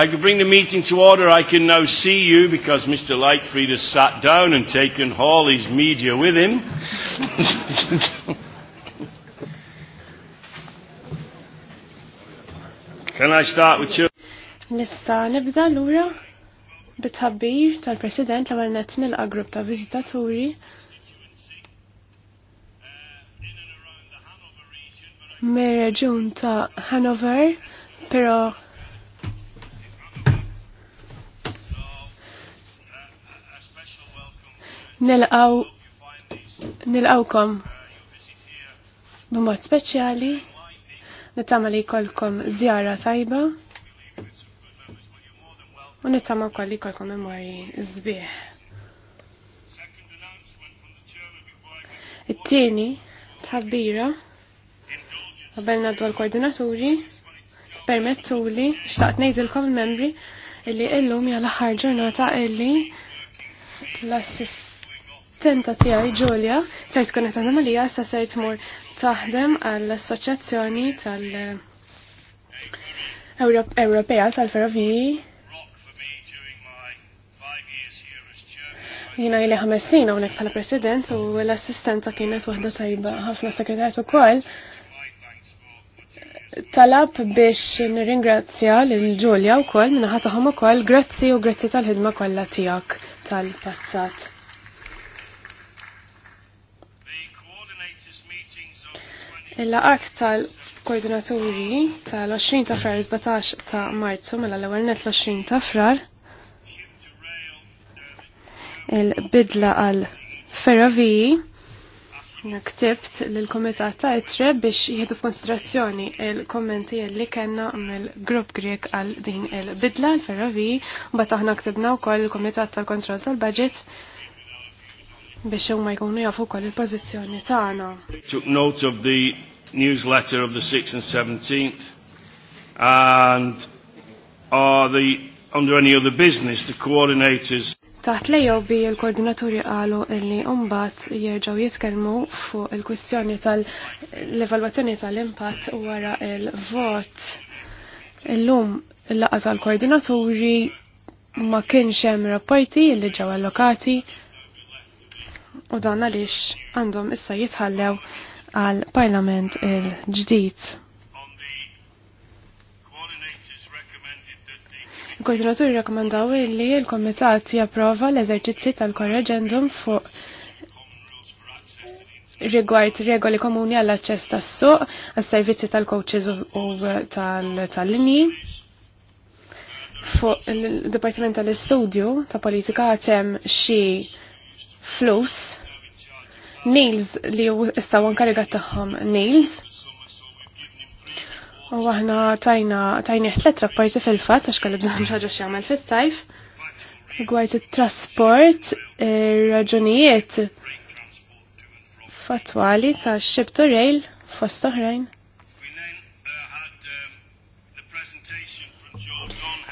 I could bring the meeting to order, I can now see you because Mr. Lightfried has sat down and taken Hawley's media with him. can I start with you? Nista nibda lura bitħabbir tal-President l għal net nilqa grupp ta' vizitaturi mir-reġun ta' Hanover, pero Nilqaw nilqawkom b'mod speċjali nittama li jkollkom żjara tajba u nittama wkoll li jkollkom memori żbieħ. It-tieni tħabbira għabelna dwar koordinaturi permettu li xtaqt nejdilkom il-membri illi illum jgħal ħar ġurnata illi l-assist tenta tiegħi ġolja, ser tkun qed sa ser tmur taħdem għall-Assoċjazzjoni tal Ewropea tal-Ferroviji. Jina jili ħames snin hawnhekk bħala President u l-assistenta kienet waħda tajba ħafna u ukoll talab biex nirringrazzja lil Ġulja u minna ħataħom u kol, grazzi u grazzi tal-ħidma kollha tiegħek tal-passat. Il-laqat tal-koordinaturi tal-20 ta' frar 17 ta' marzu mela l-ewwel net l-20 ta' frar il-bidla għal ferroviji ktibt lill-Kumitat ta' Itre biex jieħdu f'konsiderazzjoni il-kommenti li kena mill-grupp Grek għal din il-bidla l-ferroviji mbagħad aħna ktibna wkoll il-Kumitat tal-Kontroll tal-Budget tal tal kontroll tal budget biex huma jkunu jafu kol il-pożizzjoni tagħna. Took note of the newsletter of the 6th and 17th and are the under any other business the coordinators Taħt lejjew bi l-koordinaturi qalu illi umbat jirġaw jitkelmu fuq il-kwistjoni tal-evalwazzjoni tal-impatt wara il-vot. Illum il laqa tal-koordinaturi ma kienx hemm rapporti li ġew allokati u dan għaliex għandhom issa jitħallew għal parlament il-ġdid. Il-koordinaturi rekomendaw li il-komitat japprova l-eżerċizzi tal-korreġendum fuq rigward regoli komuni għall aċċess tas-suq, għas-servizzi tal-coaches u tal-linji. Fuq il-Dipartiment tal-Istudju ta' Politika għatem xie flus Nails li ju issa wankariga taħħom Nails u għahna tajna tajni ħtlet rapporti fil-fat għax kalli bżon ċaġu xiamel fil-sajf gwajt il-trasport raġunijiet fatwali ta' ship to rail fost oħrajn.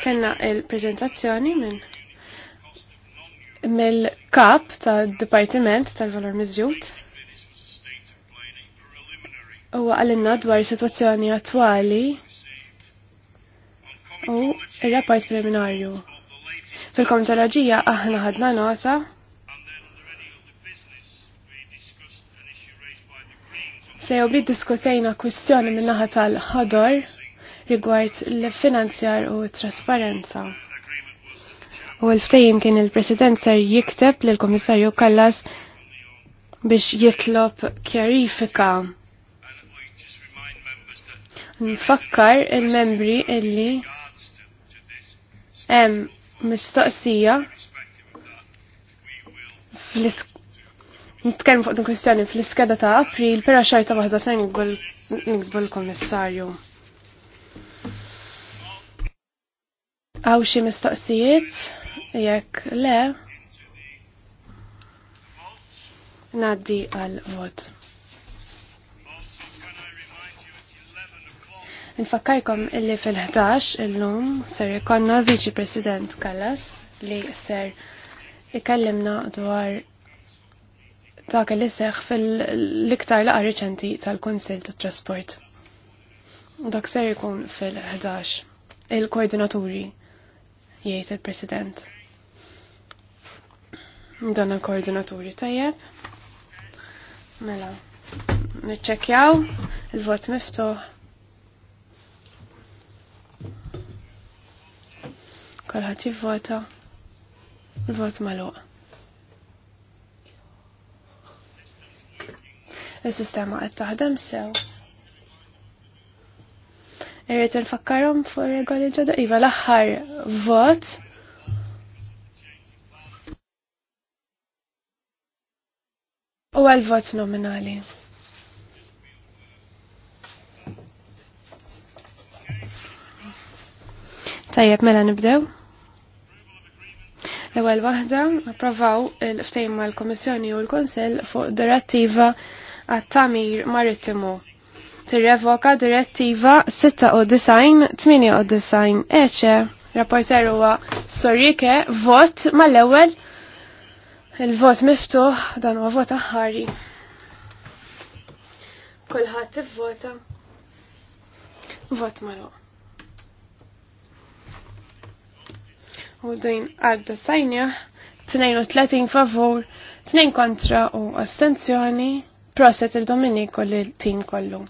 Kenna il-prezentazzjoni minn mill-kap tal-Dipartiment tal-Valor Mizzjut. u għalinna dwar situazzjoni attwali u il-rapport preliminarju. Fil-komitologija aħna ħadna nota Fejn bid diskutejna kwistjoni minnaħa tal-ħodor rigward l-finanzjar u trasparenza. trasparenza u l-ftejim kien il-President ser jikteb l-Komissarju Kallas biex jitlob kjarifika. Nfakkar il-membri illi hemm mistoqsija nitkellmu fuq din kwistjoni fl-iskeda ta' April, però xorta waħda se nikbu l-Kommissarju. Għaw xi mistoqsijiet? Jekk le, naddi għal vot. Nfakkajkom illi fil-11 illum ser ikonna viċi President Kallas li ser ikellimna dwar dak li seħ fil-iktar laqa reċenti tal-Kunsil tat-Trasport. Dak ser ikun fil-11 il-koordinaturi jgħid il-President. Dan il-koordinaturi tajjeb. Mela, niċċekjaw il-vot miftuħ. Kolħat jivvota il-vot maluq. Il-sistema qed taħdem sew. il-fakkarom fuq regoli ġodda iva l-aħħar vot u għal-vot nominali. Tajjeb, mela nibdew. L-ewwel waħda approvaw il-ftejn mal-Komissjoni u l-Konsell fuq direttiva għat-tamir marittimu. Tirrevoka direttiva 96-98 eċe. Rapporter huwa Sorike vot mal-ewwel Il-vot miftuħ dan huwa vot aħħari. Kulħadd ivvota. Vot magħluq. U din għadda tajnja 32 favur, 2 kontra u astenzjoni. Proset il dominiko li l-tim kollu.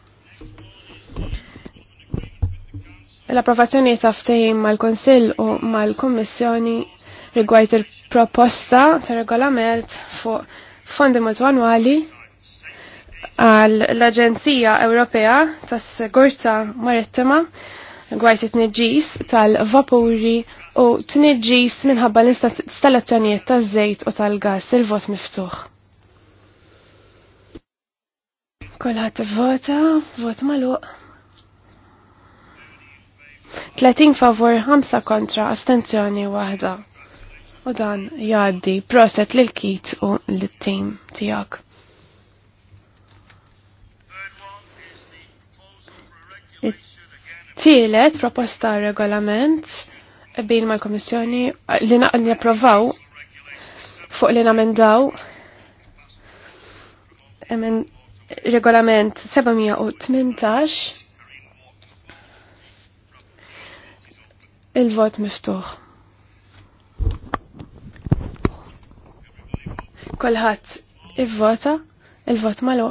L-approvazzjoni ta' ftehim mal konsil u mal-Kommissjoni rigward il-proposta ta' regolament fuq fondi multwanwali għall-Aġenzija Ewropea tas sigurtà Marittima rigward it-tniġġis tal-vapuri u tniġġis minħabba l-installazzjonijiet taż-żejt u tal-gas il-vot miftuħ. Kolħat vota, vot maluq. 30 favor, 5 kontra, astenzjoni wahda u dan jgħaddi proset lil kit u l-tim tijak. Tielet proposta regolament bil ma l-Komissjoni li napprovaw fuq li namendaw regolament 718 il-vot miftuħ. Kolħat ivvota il-vot malu.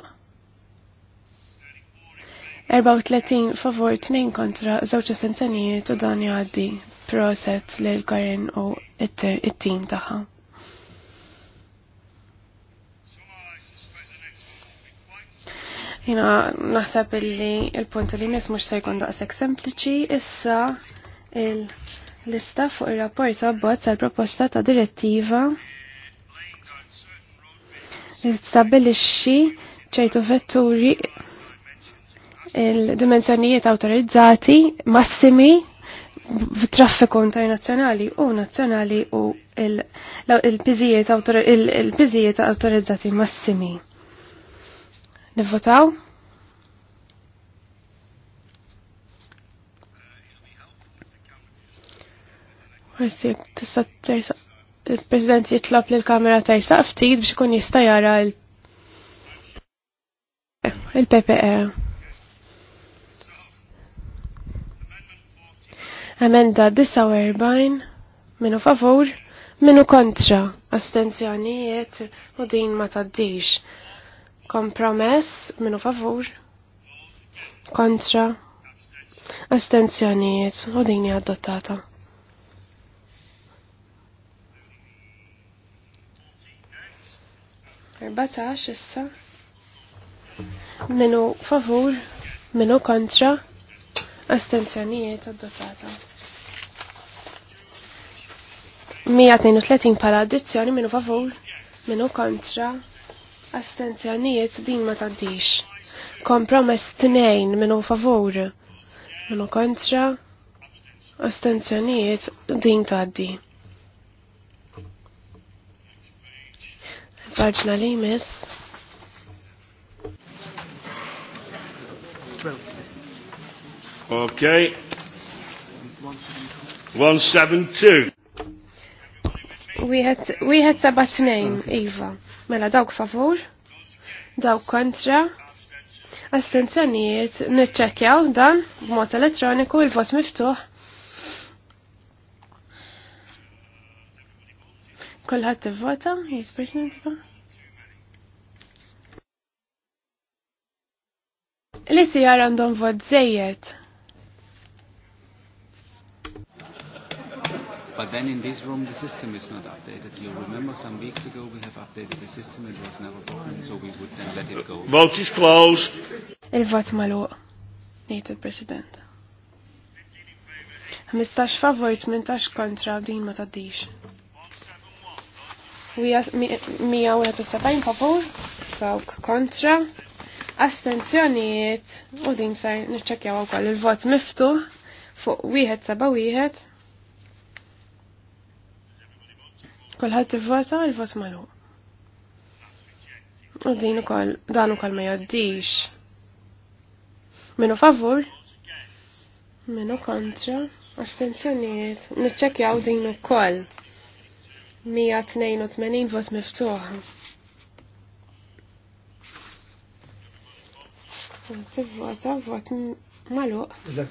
34 favor 2 kontra żewġ sentenijiet u dan jgħaddi proset lil Karin u it-tim tagħha. Jina naħseb illi il-punt li mis mux sejkun daqshekk sempliċi, issa il-lista fuq ir-rapport abbozz tal-proposta ta' direttiva li stabilixxi ċertu vetturi il-dimensjonijiet autorizzati massimi f'traffiku internazzjonali u nazzjonali u il-piżijiet il autorizzati massimi. Nivvotaw? Għessi, tista' tersaq il-President jitlob li l-kamera ta' jisaq ftit biex ikun jista' jara il-PPE. Amenda 49 minu favur, minu kontra, astenzjonijiet u din ma taddix. Kompromess minu favur, kontra, astenzjonijiet u din adottata. Erbatax issa. Menu favur, menu kontra, astenzjonijiet adottata. 132 pala addizzjoni minu favur, minu kontra, astenzjonijiet din ma tantix. Kompromess tnejn minu favur, minu kontra, astenzjonijiet din taddi. Pagina li jmiss. Ok. 172. We Wieħed seba' tnejn, Iva. Mela dawk favur, dawk kontra, Astenzjoniet, niċċekkjaw dan b b'mod elettroniku il-vot miftuħ. Kolħat t-vota, jispersna president vota Li si għandhom vot zejiet. But then in this room the system is not updated. You remember some weeks ago we have updated the system, and it was never broken, so we would then let it go. Vote is closed. Il-vot maluq, nejt il-President. 15 favorit, 18 kontra, din ma taddix. 171 favur, tawk kontra, astenzjonijiet u din sar niċċekkjaw wkoll il-vot miftu, fuq wieħed seba' wieħed. Kulħadd ivvota il-vot malu. U din ukoll dan ukoll ma jgħaddix. Minu favur? Minu kontra? Astenzjonijiet, niċċekkjaw din ukoll. 182 vot miftuħ. Tivvota vot maluq.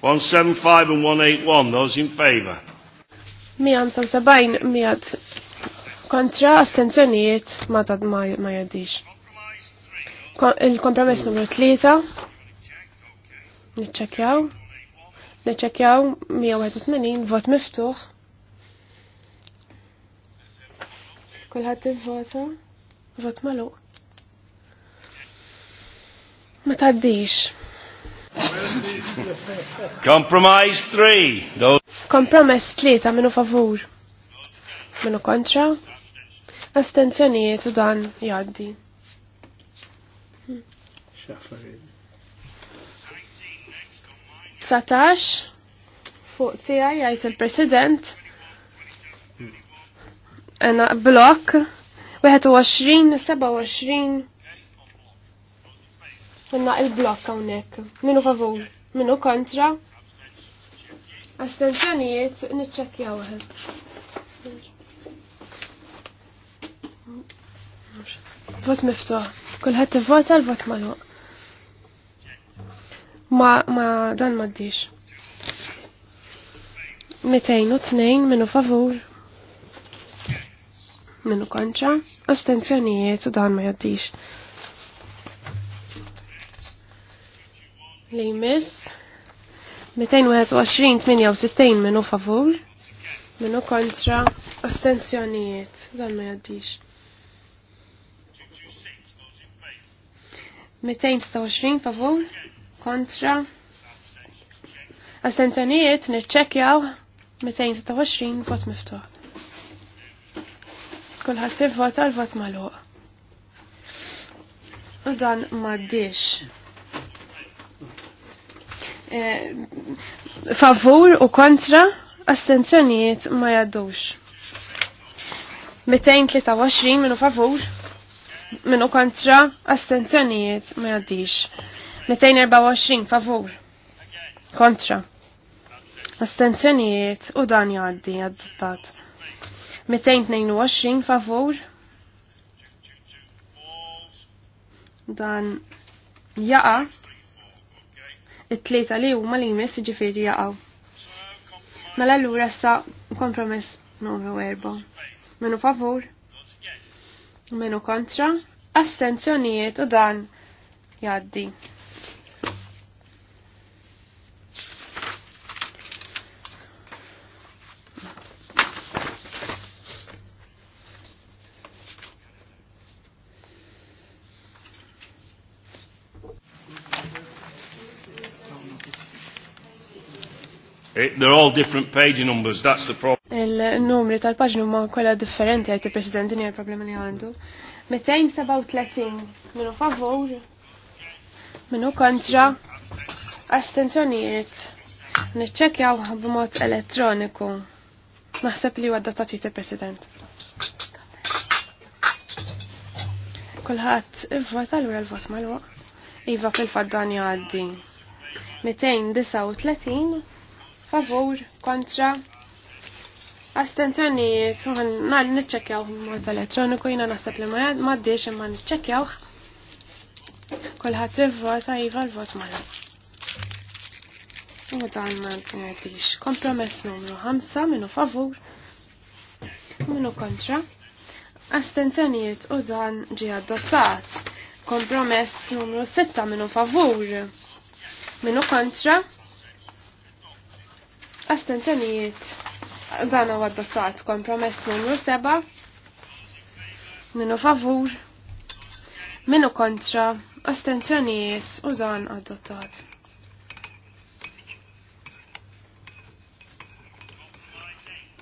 175 and 181, those in favour. 175 miad kontra astenzjonijiet ma tad ma jadix. Il-kompromess numru 3 niċċekjaw niċċekjaw 181 vot miftuħ. Kulħadd vota Vot maluq. Ma taddix. Compromise 3. Kompromess 3 minu favur. Minu kontra. Astenzjonijiet u dan jaddi. Satax fuq tijaj, jajt il-President għana blok 21-27 għanna il-blok għonek minu favur minu kontra astenzjonijiet nitċekjaw Vot miftuħ. Kulħadd tivvota l-vot magħluq. Ma ma dan m'għaddix. 202 minu favur minnu konċa, astenzjonijiet u dan ma jaddix. Li jmiss, 221-68 minnu favur, minnu kontra, astenzjonijiet, dan ma jaddix. 226 favur, kontra, astenzjonijiet, nirċekjaw, 226 vot miftuħ kulħadd tivvota għal vot magħluq. U dan m'għaddix. Eh, favur u kontra astenzjoniet ma jaddux. 223 minu favur, minu kontra, astenzjoniet ma jaddix. 224 favur, kontra, astenzjonijiet u dan jaddi għaddittat. 222 favur. Dan jaqa it-tlieta li huma li jmiss jiġifieri jaqgħu. Mela allura sa kompromess numru erba'. Menu favur, menu kontra, astenzjonijiet u dan jgħaddi. Eh, they're all different page numbers, that's the problem. Il-numri tal-paġnu ma' kolla differenti għajt il-President, din il-problema li għandu. 237, minu favor, minu kontra, astenzjonijiet. Nitċekjaw b'mod elettroniku. Naħseb li għadda tatit il-President. Kulħat, il vot l-għura vot mal Iva fil-faddani għaddi. 239 favur kontra Astenzjoni, suħan nar nitċekjaw mod elettroniku jina nasab li ma d-diex imma nitċekjaw kolħat il-vot għajva l-vot mara. U dan ma għedix. Kompromess numru 5 minu favur, minu kontra. Astenzjonijiet u dan ġi adottat. Kompromess numru 6 minu favur, minu kontra. Astenzjonijiet dan huwa adottat kompromess numru seba, minu favur minu kontra astenzjonijiet u dan adottat.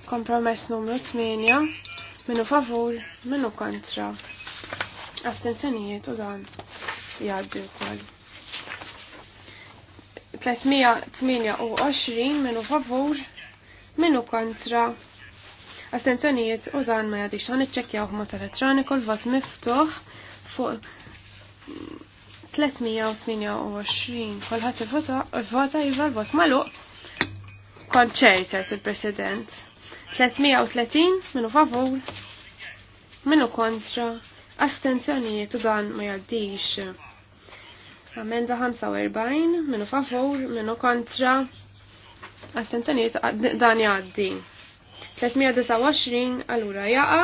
Kompromess numru 8 minu favur minu kontra astenzjonijiet u dan jgħaddi wkoll. 328 minu favur minu kontra astenzjonijiet u dan ma jadix għan iċċekjaw mod elettroniku l-vot miftuħ fuq 328 kolħat il-vota jiva l-vot malu konċertet il-president 330 minu favur minu kontra astenzjonijiet u dan ma jadix Amenda 45, minu favur, minu kontra, astenzjoniet dan għaddi. 329 allura jaqa.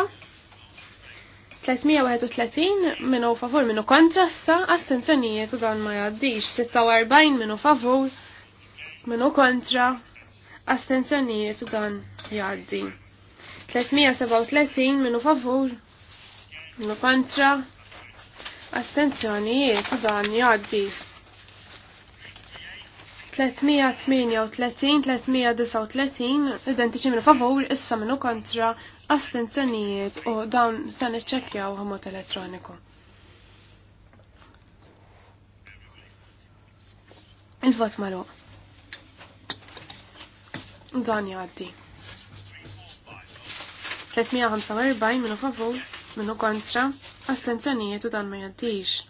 331 minu favur minu kontra sa astenzjonijiet u dan ma jaddix 46 minu favur minu kontra astenzjonijiet u dan jaddi 337 minu favur minu kontra astenzjonijiet u dan jgħaddi. 338-339 identiċi minu favur issa minu kontra astenzjonijiet u dawn se niċċekkjaw għamot elettroniku. Il-vot maru. Dan jgħaddi. 345 minu favur Minu kontra, astenzjonijiet u dan ma jaddix.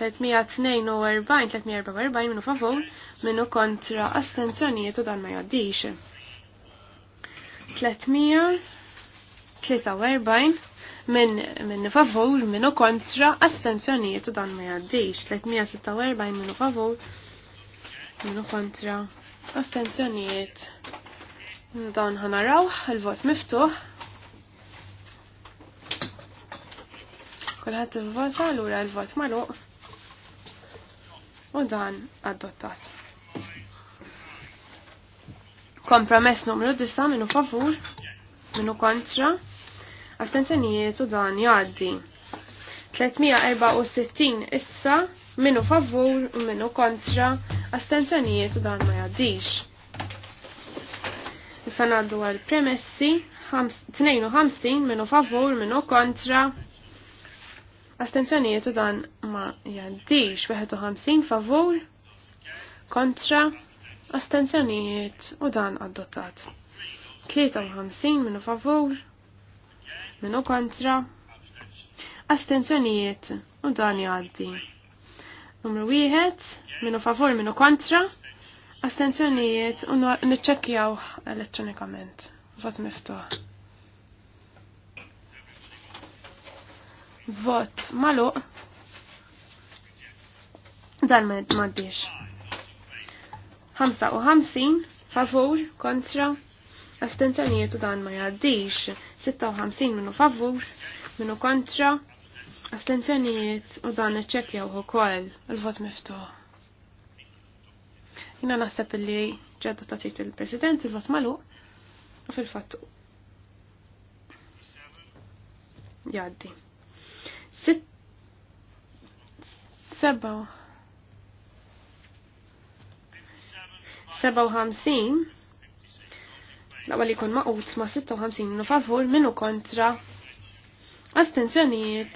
342-344 minu favur, minnu kontra, astenzjonijiet u dan ma jaddix. 343 minn min favur, kontra, astenzjonijiet u dan ma jaddix. 346 minu favur, minnu kontra, astenzjonijiet. Dan ħanaraw, il-vot miftuħ. Kulħadd ivvota lura l-vot malu. u dan adottat. Kompromess numru disa minnu favur, minnu kontra, astenzjonijiet u dan jgħaddi. 364 issa minnu favur u minnu kontra, astenzjonijiet u dan ma jgħaddix. Issa ngħaddu għal premessi 52 minnu favur minnu kontra Astenzjonijiet u dan ma jaddix 51 favur kontra astenzjonijiet u dan adottat. 53 minu favur minu kontra astenzjonijiet u dan jaddi. Numru 1 minu favur minu kontra astenzjonijiet u nċekjaw elettronikament. Vot miftuħ. Vot maluq. Dan maddiex. 55 favur kontra astenzjonijiet u dan ma jgħaddix. 56 minnu favur minnu kontra astenzjonijiet u dan iċċekkjaw ukoll il-vot miftu. Jina naħseb li ġeddu tatit il-President il-vot malu. u fil-fatt Jaddi. Sitt seba' seba' ħamsin l-ewwel ikun maqut ma' 56 minu favur minu kontra Astenzjoniet.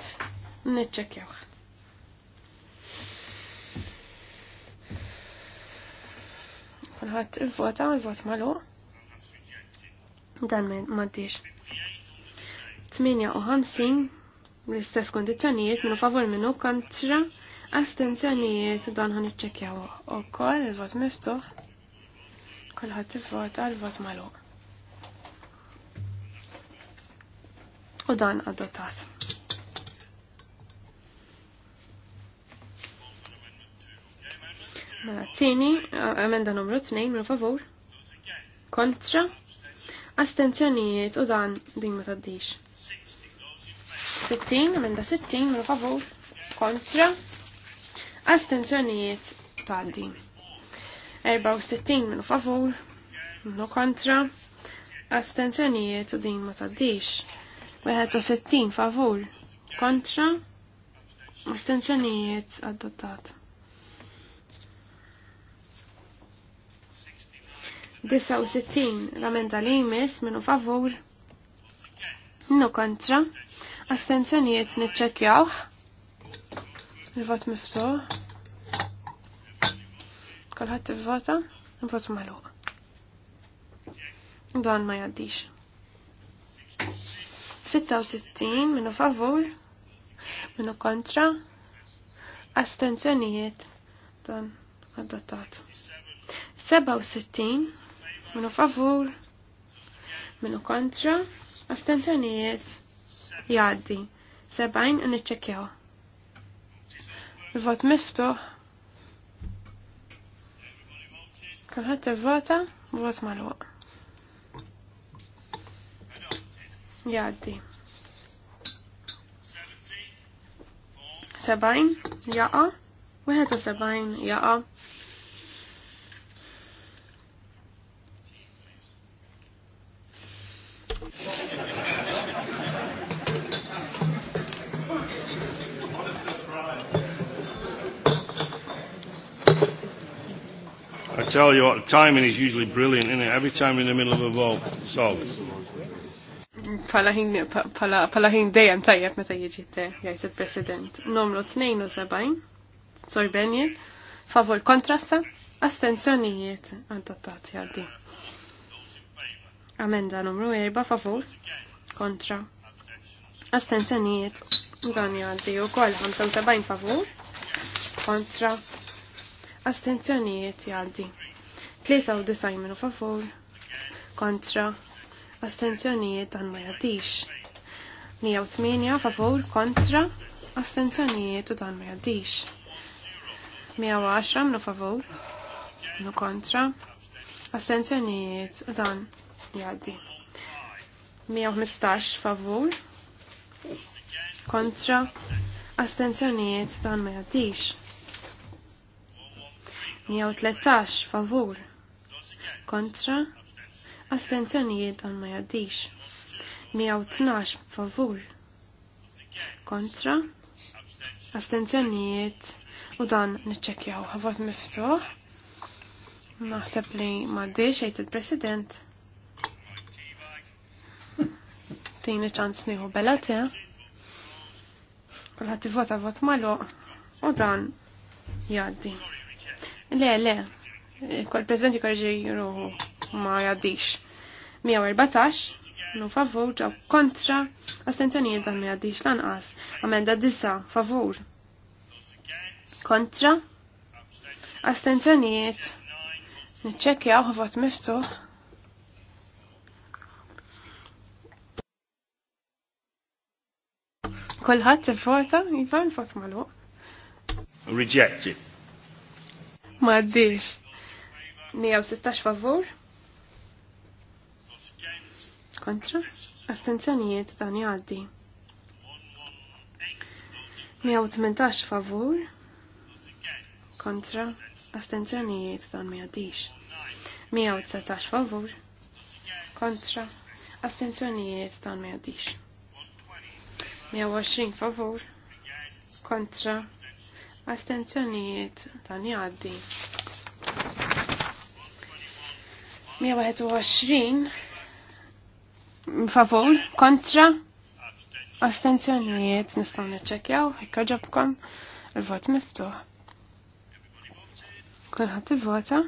astenzjonijiet il-vota, ivvota, ivvot magħluq. Dan m'għaddix. 58 l-istess kondizjonijiet minnu favor minnu kontra astenzjonijiet dan ħan iċċekjaw ukoll il-vot miftuħ kulħadd tivvota għal vot magħluq. U dan adottat. Mela t emenda numru 2 minnu favur kontra astenzjonijiet u dan din ma taddix. 60, minn da 60, minn favur, kontra, astenzjonijiet taddi. 64 minn favur, minn kontra, astenzjonijiet u din ma taddix. 61 favur, kontra, astenzjonijiet adottat. 69 l-amenda li jmiss minnu favur, Nu kontra, Astenzjonijiet nitċekjaw. Il-vot miftuħ. Kolħat il-vota, il-vot maluq. Dan ma jaddix. 66 minu favur, minu kontra, astenzjonijiet dan adottat. 67 minu favur, minu kontra, astenzjonijiet jgħaddi. Sebajn u Il-vot miftuħ. Kulħadd vota vot magħluq. Jgħaddi. Sebajn jaqa' wieħed u sebajn jaqa' tell you what, timing is usually brilliant, isn't it? Every time in the middle of a vote. So. Pala ħin dejjem tajjeb meta jiġi te, jgħid il-President. Nomlu 72, Sor Benjen, favor kontrasta, astenzjonijiet adottati għaddi. Amenda numru 4, favor, kontra, astenzjonijiet dan jgħaddi u kol 75 favur, kontra, astenzjonijiet jgħaddi. 93 minu favur kontra astenzjonijiet għan ma jadix. 108 favur kontra astenzjonijiet u dan ma jadix. 110 minu favur minu kontra astenzjonijiet u dan jaddi. 115 favur kontra astenzjonijiet dan ma jadix. 113 kontra kontra, astenzjonijiet dan ma jaddix. 112 favur kontra, astenzjonijiet u dan nċekjaw ħavot miftuħ. Naħseb li maddix għajt il-president. Tini ċans niħu bella te. Kulħat vota vot malu u dan jaddi. Le, le, kol prezidenti korġi ruħu ma jaddix. 114, nu favur, ġaw kontra, astenzjonijiet dan ma jaddix lanqas. Amenda disa, favur. Kontra, astenzjonijiet, nċekjaw vot miftuħ. Kolħat t vota jivan vot malu. Rejected. Ma 116 favur. Kontra. Astenzjonijiet dan jgħaddi. 118 favur. Kontra. Astenzjonijiet dan ma jgħaddix. 119 favur. Kontra. Astenzjonijiet dan ma jgħaddix. 120 favur. Kontra. Astenzjonijiet dan jgħaddi. 121 favor kontra astenzjonijiet nistgħu niċċekkjaw hekk ġobkom il-vot miftuħ. il-vota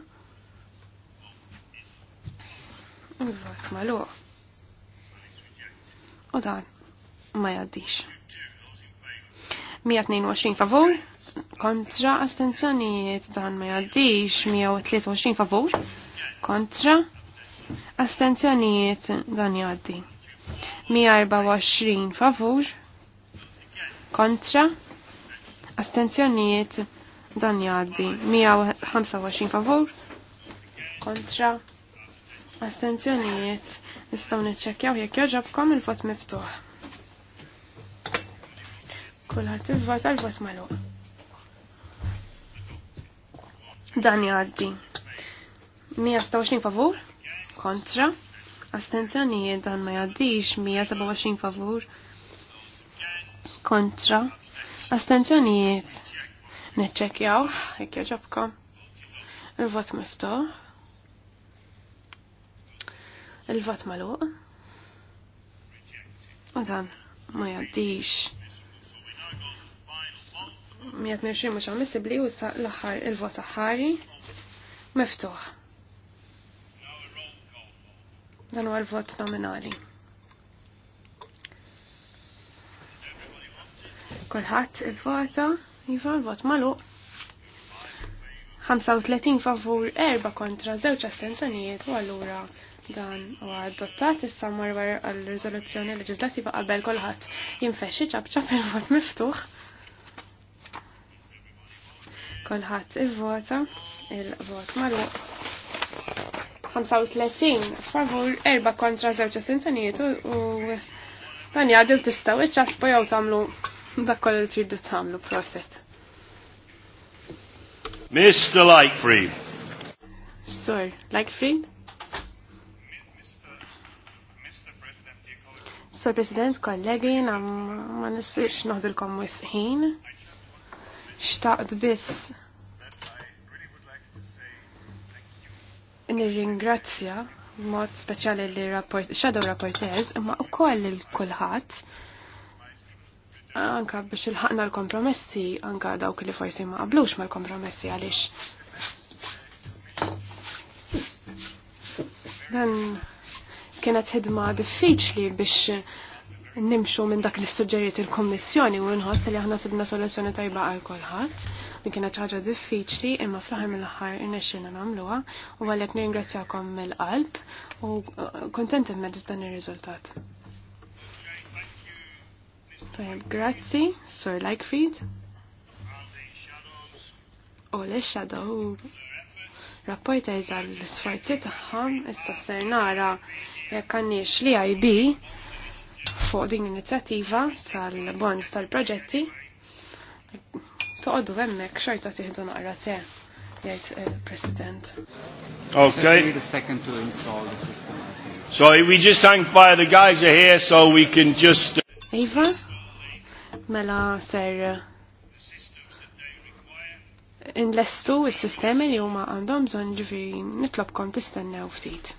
Il-vot magħluq. U dan ma jgħaddix. 122 favor kontra astenzjonijiet dan ma jgħaddix 123 favor kontra, astenzjonijiet dan jaddi. 124 favur, kontra, astenzjonijiet dan jaddi. 125 favur, kontra, astenzjonijiet nistaw neċekjaw jekk joġobkom il-vot miftuħ. Kulħadd il-vot għal-vot magħluq. Dan jgħaddi. 126 favur kontra astenzjonijiet dan ma jaddix 127 favur kontra astenzjonijiet neċċekjaw jekk jaġobkom il-vot miftuħ il-vot magħluq. u dan ma jaddix 120 mhux ammissibbli u l-aħħar il-vot aħħari miftuħ Dan huwa l-vot nominali. Kulħadd il-vota, iva, l-vot magħluq. 35 favur, 4 kontra, żewġ astenzjonijiet u allura dan u adottat issa marwar għal-rizoluzzjoni leġislativa qabel kolħat jinfexxi ċabċab il-vot miftuħ. Kolħat il-vota, il-vot magħluq. 35 favur, 4 kontra 0 sintonijiet u dan jgħaddu tistaw iċċaffu jew tagħmlu dak kollu li tridu tagħmlu proset. Mr. Lightfree. Sir, Lightfree. Sir President, kollegi, ma nistax noħdilkom wisħin. Xtaqt biss nirringrazzja mod speċjali li rapport, shadow rapportez imma wkoll il kulħadd anka biex ilħaqna l-kompromessi anka dawk li forsi ma qablux mal-kompromessi għaliex. Dan kienet ħidma diffiċli biex nimxu minn dak li suġġeriet il-Kommissjoni u nħoss li aħna sibna soluzzjoni tajba għal kulħadd. Din kienet ħaġa diffiċli imma fl-aħħar mill-aħħar irnexxina nagħmluha u għalhekk ningrazzjakom mill-qalb u uh, kontent immed dan ir-riżultat. Tajjeb, grazzi, Sir Lightfeed. U li shadow rapporta jżal l-sforzi tagħhom issa ser nara jekk għandix li għajbi fuq din l-inizjattiva tal-bonds tal-proġetti. Toqoddu għemmek xorta tiħdu naqra te jgħid President. Ok. So we just hang fire, the guys are here so we can just... Iva, mela ser inlestu il sistemi li huma għandhom bżonn ġifi nitlobkom tistennew ftit.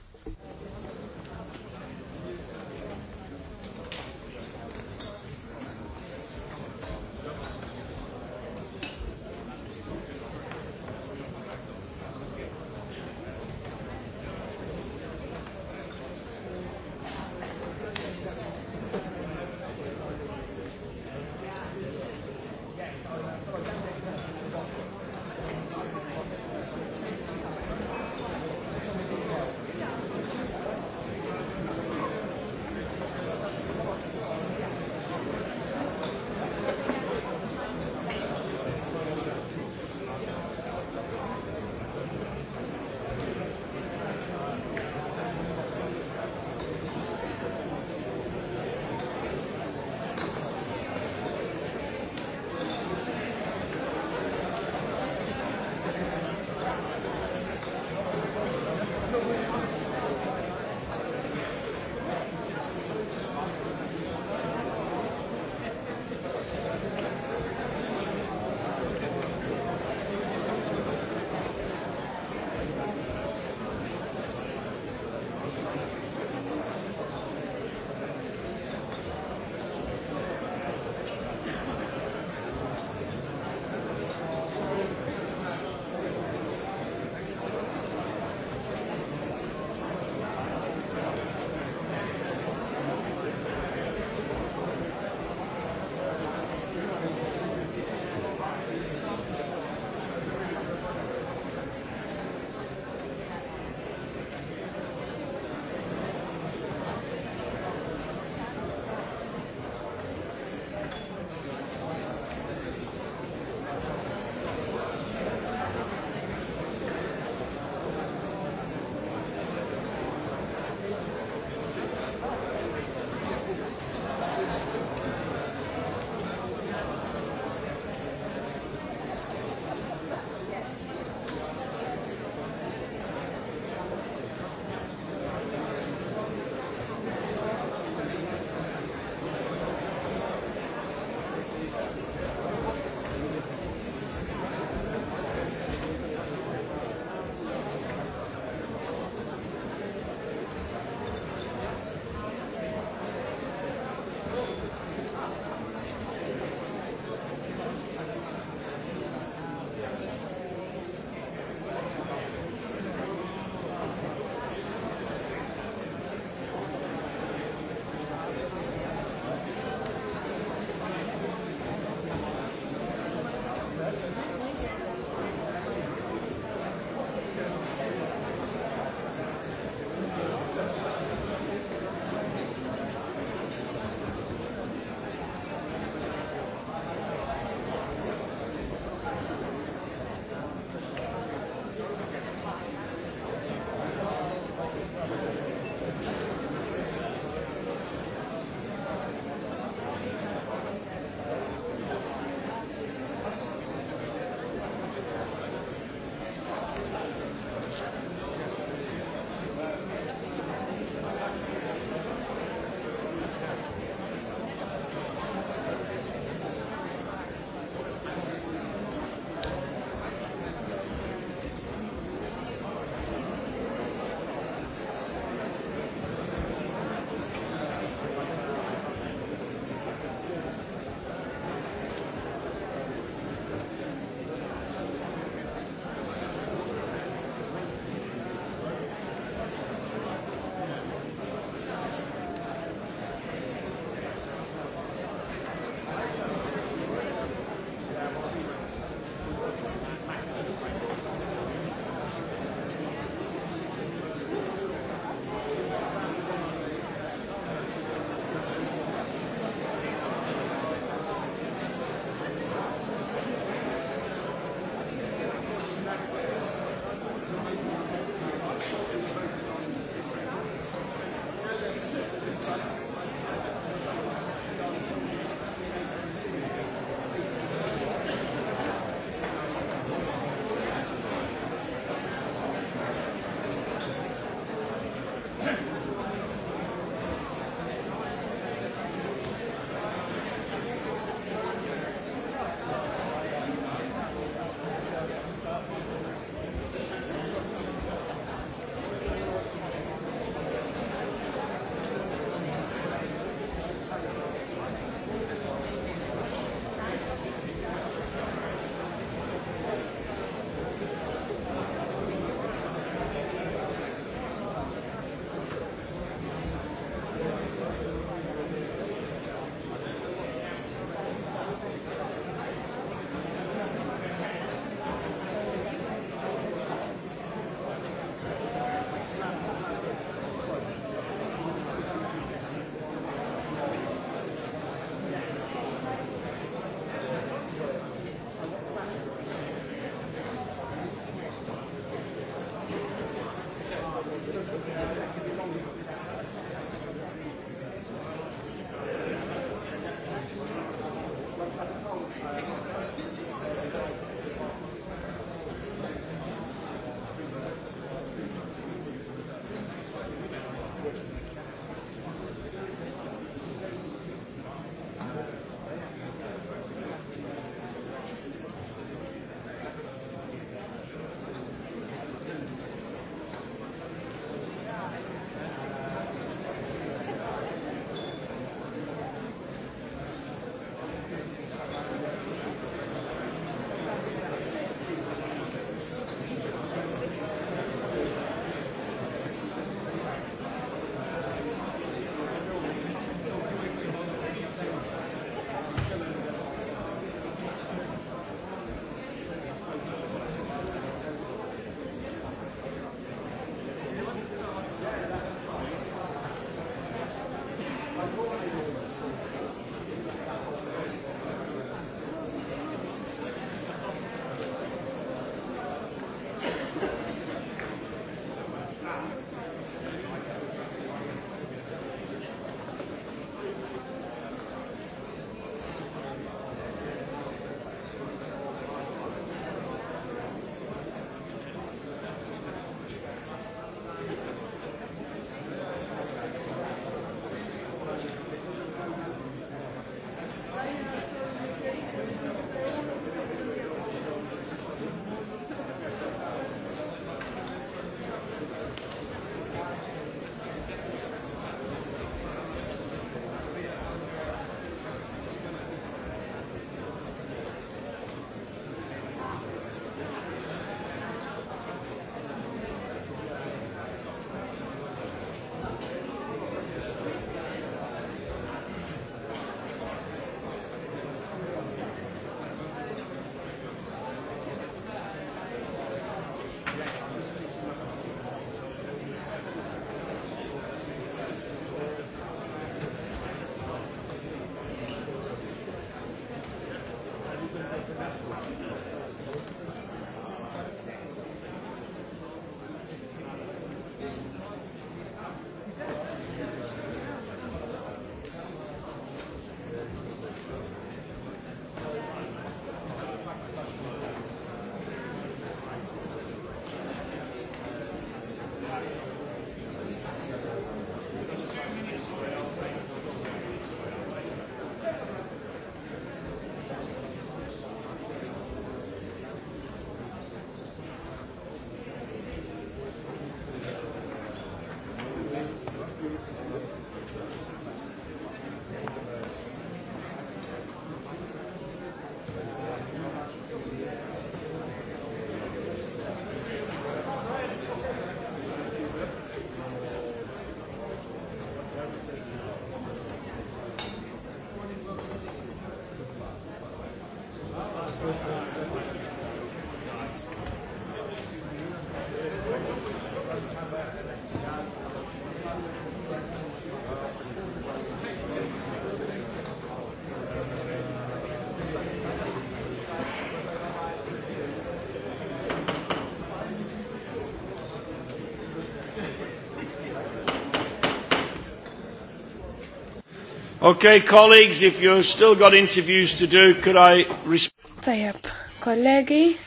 Okay, colleagues, if you've still got interviews to do, could I... respect? Tajab, kollegi.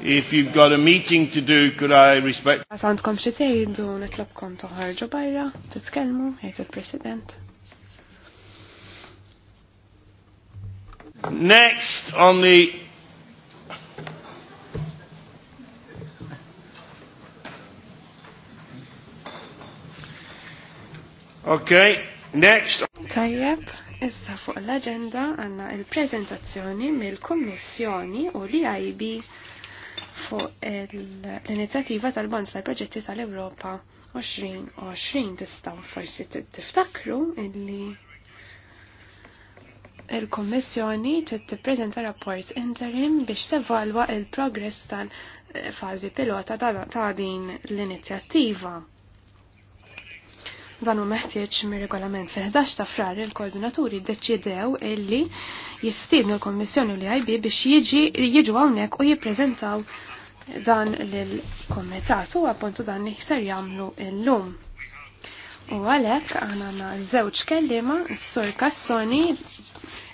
If you've got a meeting to do, could I respect... Għasandkom xie tejdu, nitlobkom toħarġu barra, titkelmu, jgħid il-President. Next on the... Okay, next... Tajjeb, issa fuq l-agenda għanna il-prezentazzjoni mill-Kommissjoni u l-IIB fuq l-inizjattiva tal-Bonds tal-Proġetti tal-Europa 2020 tistaw forsi tiftakru illi il-Kommissjoni tippreżenta rapport interim biex tevalwa il-progress tal-fazi eh, pilota ta' din l-inizjattiva Dan u meħtieġ mir-regolament fil-11 ta' frar il-koordinaturi deċidew illi jistidnu l-Kommissjoni li għajbi ib biex jiġu hawnhekk u jiprezentaw dan lill-Komitat u appuntu dan jamlu jagħmlu lum U għalhekk għandna żewġ kellima s-Sur Kassoni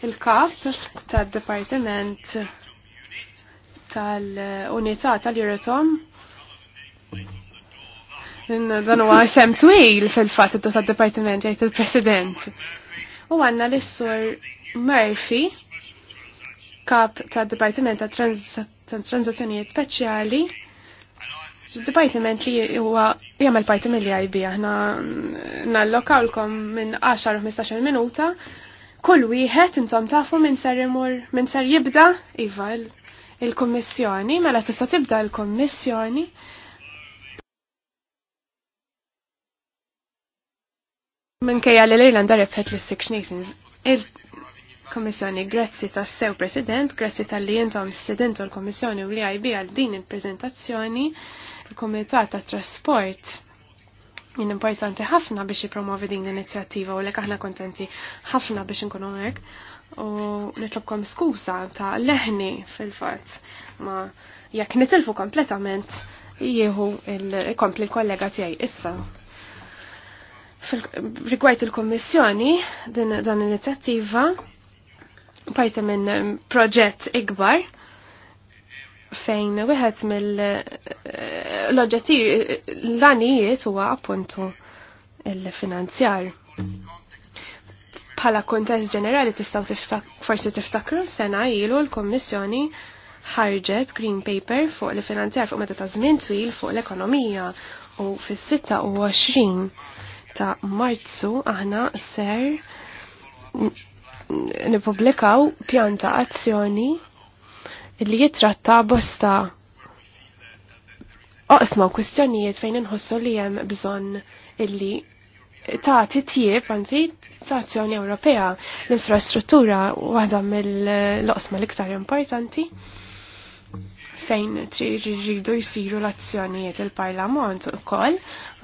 il-kap tad-Dipartiment tal-Unità tal-Euratom Dan huwa sem twil fil-fatt ta' tad-dipartiment jgħid il-President. U għandna l-Sur Murphy, kap tad-Dipartiment ta' Transazzjonijiet Speċjali, Departiment li huwa jagħmel parti mill-IB aħna nallokawlkom minn 10-15 minuta kull wieħed intom tafu minn ser imur minn ser jibda iva il-kummissjoni mela tista' tibda l-kummissjoni. il kummissjoni Minkejja li l-Irlanda rebħet l-Six Nations. Il-Komissjoni, grazzi tas sew President, grazzi ta' li jentom sedentu l-Komissjoni u li għajbi għal din il-prezentazzjoni, il-Komitat ta' Trasport jien importanti ħafna biex jipromovi din l-inizjattiva u lek aħna kontenti ħafna biex nkunu hekk u nitlobkom skuża ta' leħni fil-fatt ma jekk nitilfu kompletament jieħu il-kompli l-kollega tiegħi issa rigward il-Kommissjoni din dan l-inizjattiva bajta minn proġett ikbar fejn wieħed mill oġġetti l-għanijiet huwa appuntu il-finanzjar. Bħala kontest ġenerali tistgħu forsi tiftakru sena ilu l-Kommissjoni ħarġet Green Paper fuq il finanzjar fuq meta ta' żmien twil fuq l-ekonomija u fis-26 ta' Marzu aħna ser nipublikaw pjanta azzjoni li jitratta bosta oqsma u kwistjonijiet fejn inħossu li hemm bżonn illi ta' titjieb anzi ta' azzjoni Ewropea l-infrastruttura waħda mill-oqsma l-iktar importanti fejn rridu jisiru l-azzjonijiet il-Parlament ukoll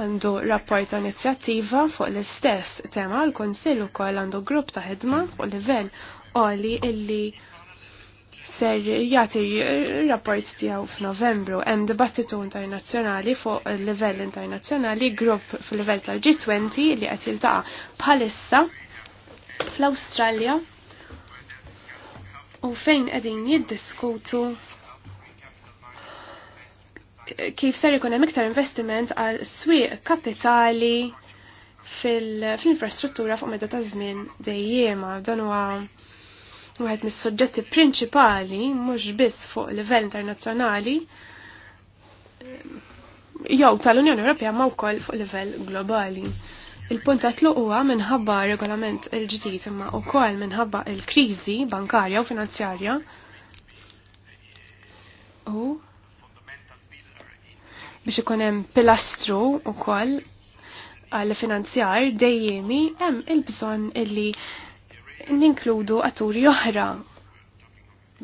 għandu rapport inizjattiva fuq l-istess tema l u ukoll għandu grupp ta' ħidma fuq livell qoli illi ser jati rapport tijaw f'Novembru. Hemm dibattitu internazzjonali fuq livell internazzjonali, grupp fil-livell tal-G20 li qed jiltaqa' bħalissa fl-Awstralja u fejn qegħdin jiddiskutu kif ser ikun hemm iktar investiment għal swieq kapitali fil-infrastruttura fuq medda ta' żmien dejjema. Dan huwa wieħed mis-suġġetti prinċipali mhux biss fuq livell internazzjonali jew tal-Unjoni Ewropea ma wkoll fuq livell globali. Il-punt għat-tluq huwa minħabba regolament il-ġdid imma wkoll minħabba il-kriżi bankarja u finanzjarja u biex ikun hemm pilastru wkoll għal finanzjar dejjemi hemm il-bżonn illi ninkludu atturi oħra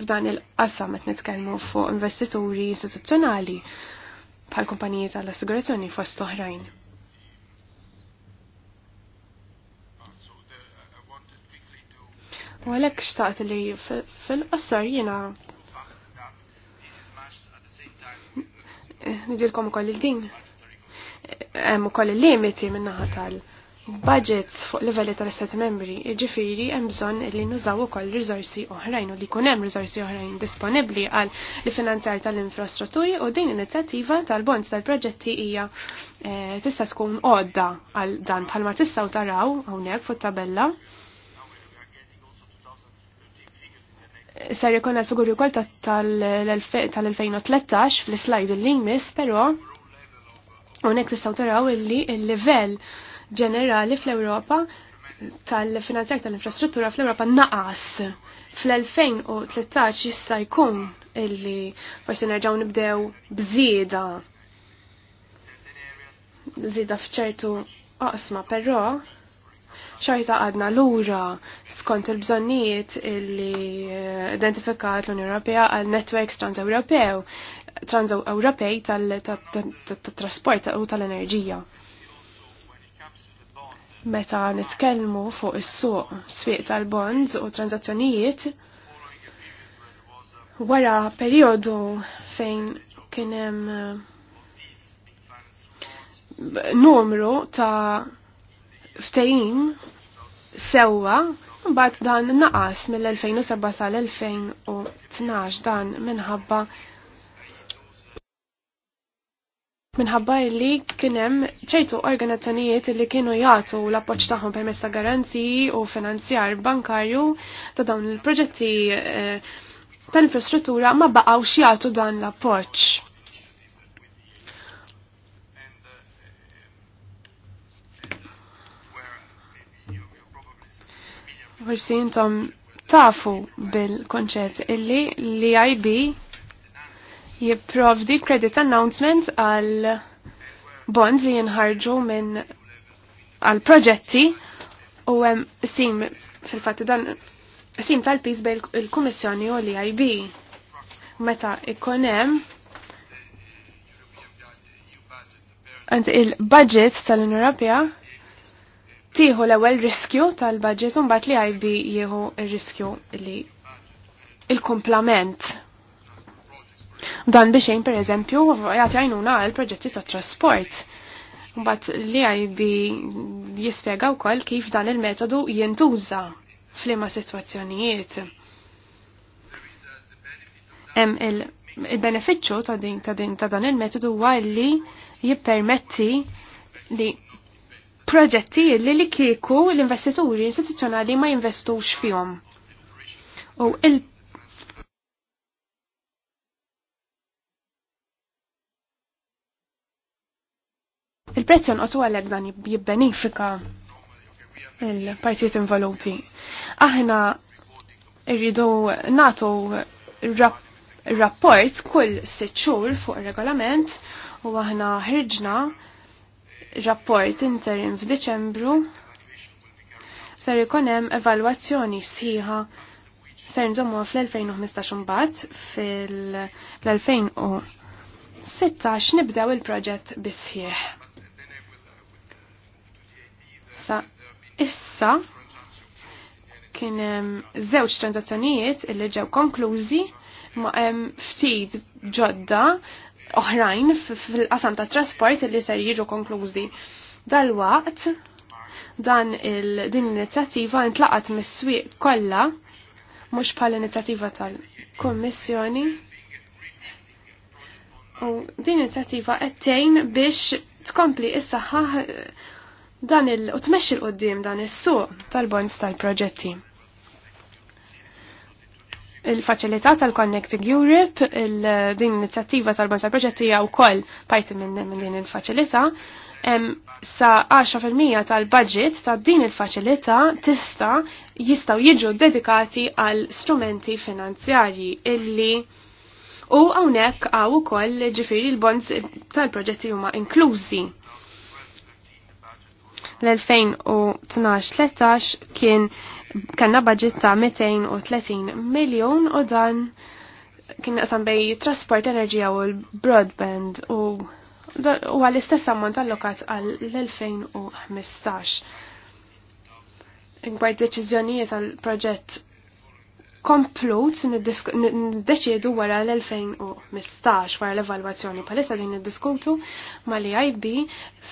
f'dan il-qasam qed nitkellmu fuq investituri istituzzjonali bħal kumpaniji tal-assigurazzjoni fost oħrajn. U għalhekk xtaqt li fil-qosor jiena nidilkom ukoll il-din. Hemm ukoll il-limiti min-naħa tal-budgets fuq livelli tal-Istati Membri, jiġifieri hemm bżonn li nużaw ukoll riżorsi oħrajn u li jkun hemm riżorsi oħrajn disponibbli għal li finanzjar tal-infrastrutturi u din l-inizjattiva tal-bonds tal-proġetti hija eh, tista' tkun għodda għal dan bħalma tistgħu taraw hawnhekk fuq tabella Ser jkun l-figuri kol tal-2013 fl-slide li jmiss, però hawnhekk tistgħu taraw illi l-livell ġenerali fl-Ewropa tal-finanzjak tal-infrastruttura fl-Ewropa naqas. Fl-2013 jista' jkun illi forsi nerġgħu nibdew bżieda bżida f'ċertu qasma, però xorta għadna lura skont il-bżonnijiet illi eh, identifikat l-Unjoni Ewropea għal networks trans-Ewropew, trans-Ewropej tal-trasport u tal-enerġija. Meta nitkellmu fuq is-suq, swieq tal-bonds u tranzazzjonijiet, wara periodu fejn kien hemm eh, numru ta' ftehim sewwa mbagħad dan naqas mill-2007 sal-2012 dan minħabba minħabba li kienem ċertu organizzazzjonijiet li kienu jagħtu l-appoġġ tagħhom permezz ta' garanziji u finanzjar bankarju ta' dawn il-proġetti eh, tal-infrastruttura ma baqgħux jagħtu dan l-appoġġ. Forsi intom tafu bil-konċett illi l-IB jipprovdi credit announcement għal bonds li jinħarġu minn għal proġetti u hemm sim fil-fatt dan sim tal-pis bil il-Kummissjoni u l-IB. Meta ikun hemm il-budget tal-Unjoni tieħu l-ewwel riskju tal-budget un mbagħad li għajbi jieħu r-riskju li il-komplament. Dan biexejn per eżempju jagħti għajnuna għal proġetti ta' trasport. Mbagħad li għajbi jispjega wkoll kif dan il-metodu jintuża f'liema sitwazzjonijiet. Hemm il- benefiċċju ta' ta' din ta' dan il-metodu huwa li jippermetti li proġetti li li kieku l-investituri istituzzjonali ma jinvestux fihom. U il Il-prezz jonqos għalhekk dan jibbenifika il-partijiet involuti. Aħna rridu nagħtu rapport kull sitt xhur fuq ir-regolament u aħna ħriġna rapport interim f'Diċembru ser ikun hemm evalwazzjoni sħiħa ser nżommu fl-2015 mbagħad fil-2016 nibdew il-proġett bisħieħ. Sa issa kien hemm żewġ transazzjonijiet illi ġew konklużi ma' hemm ftit ġodda oħrajn fil-qasam ta' trasport li ser jiġu konklużi. Dal-waqt, dan il-din l-inizjattiva intlaqat mis-swieq kollha mhux bħal inizjattiva tal-Kommissjoni. U din inizjattiva qed tgħin biex tkompli is-saħħa dan il u tmexxi l qudiem dan is-suq tal-bonds tal-proġetti il-faċilità tal-Connecting Europe, il din l-inizjattiva tal-Bansa Proġetti hija wkoll parti minn din il-faċilità, sa 10% tal-budget ta' din il-faċilità tista' jistgħu jiġu dedikati għal strumenti finanzjarji illi u hawnhekk għaw ukoll ġifieri l-bonds tal-proġetti huma inklużi l-2012-13 kien kanna budget ta' 230 miljon u dan kien naqsam bej trasport, enerġija u l-broadband u u għal-istess ammont allokat għal-2015. Ingwar deċiżjonijiet għal proġett komplut niddeċiedu wara l-2015 wara l-evalwazzjoni palissa din niddiskutu ma li IB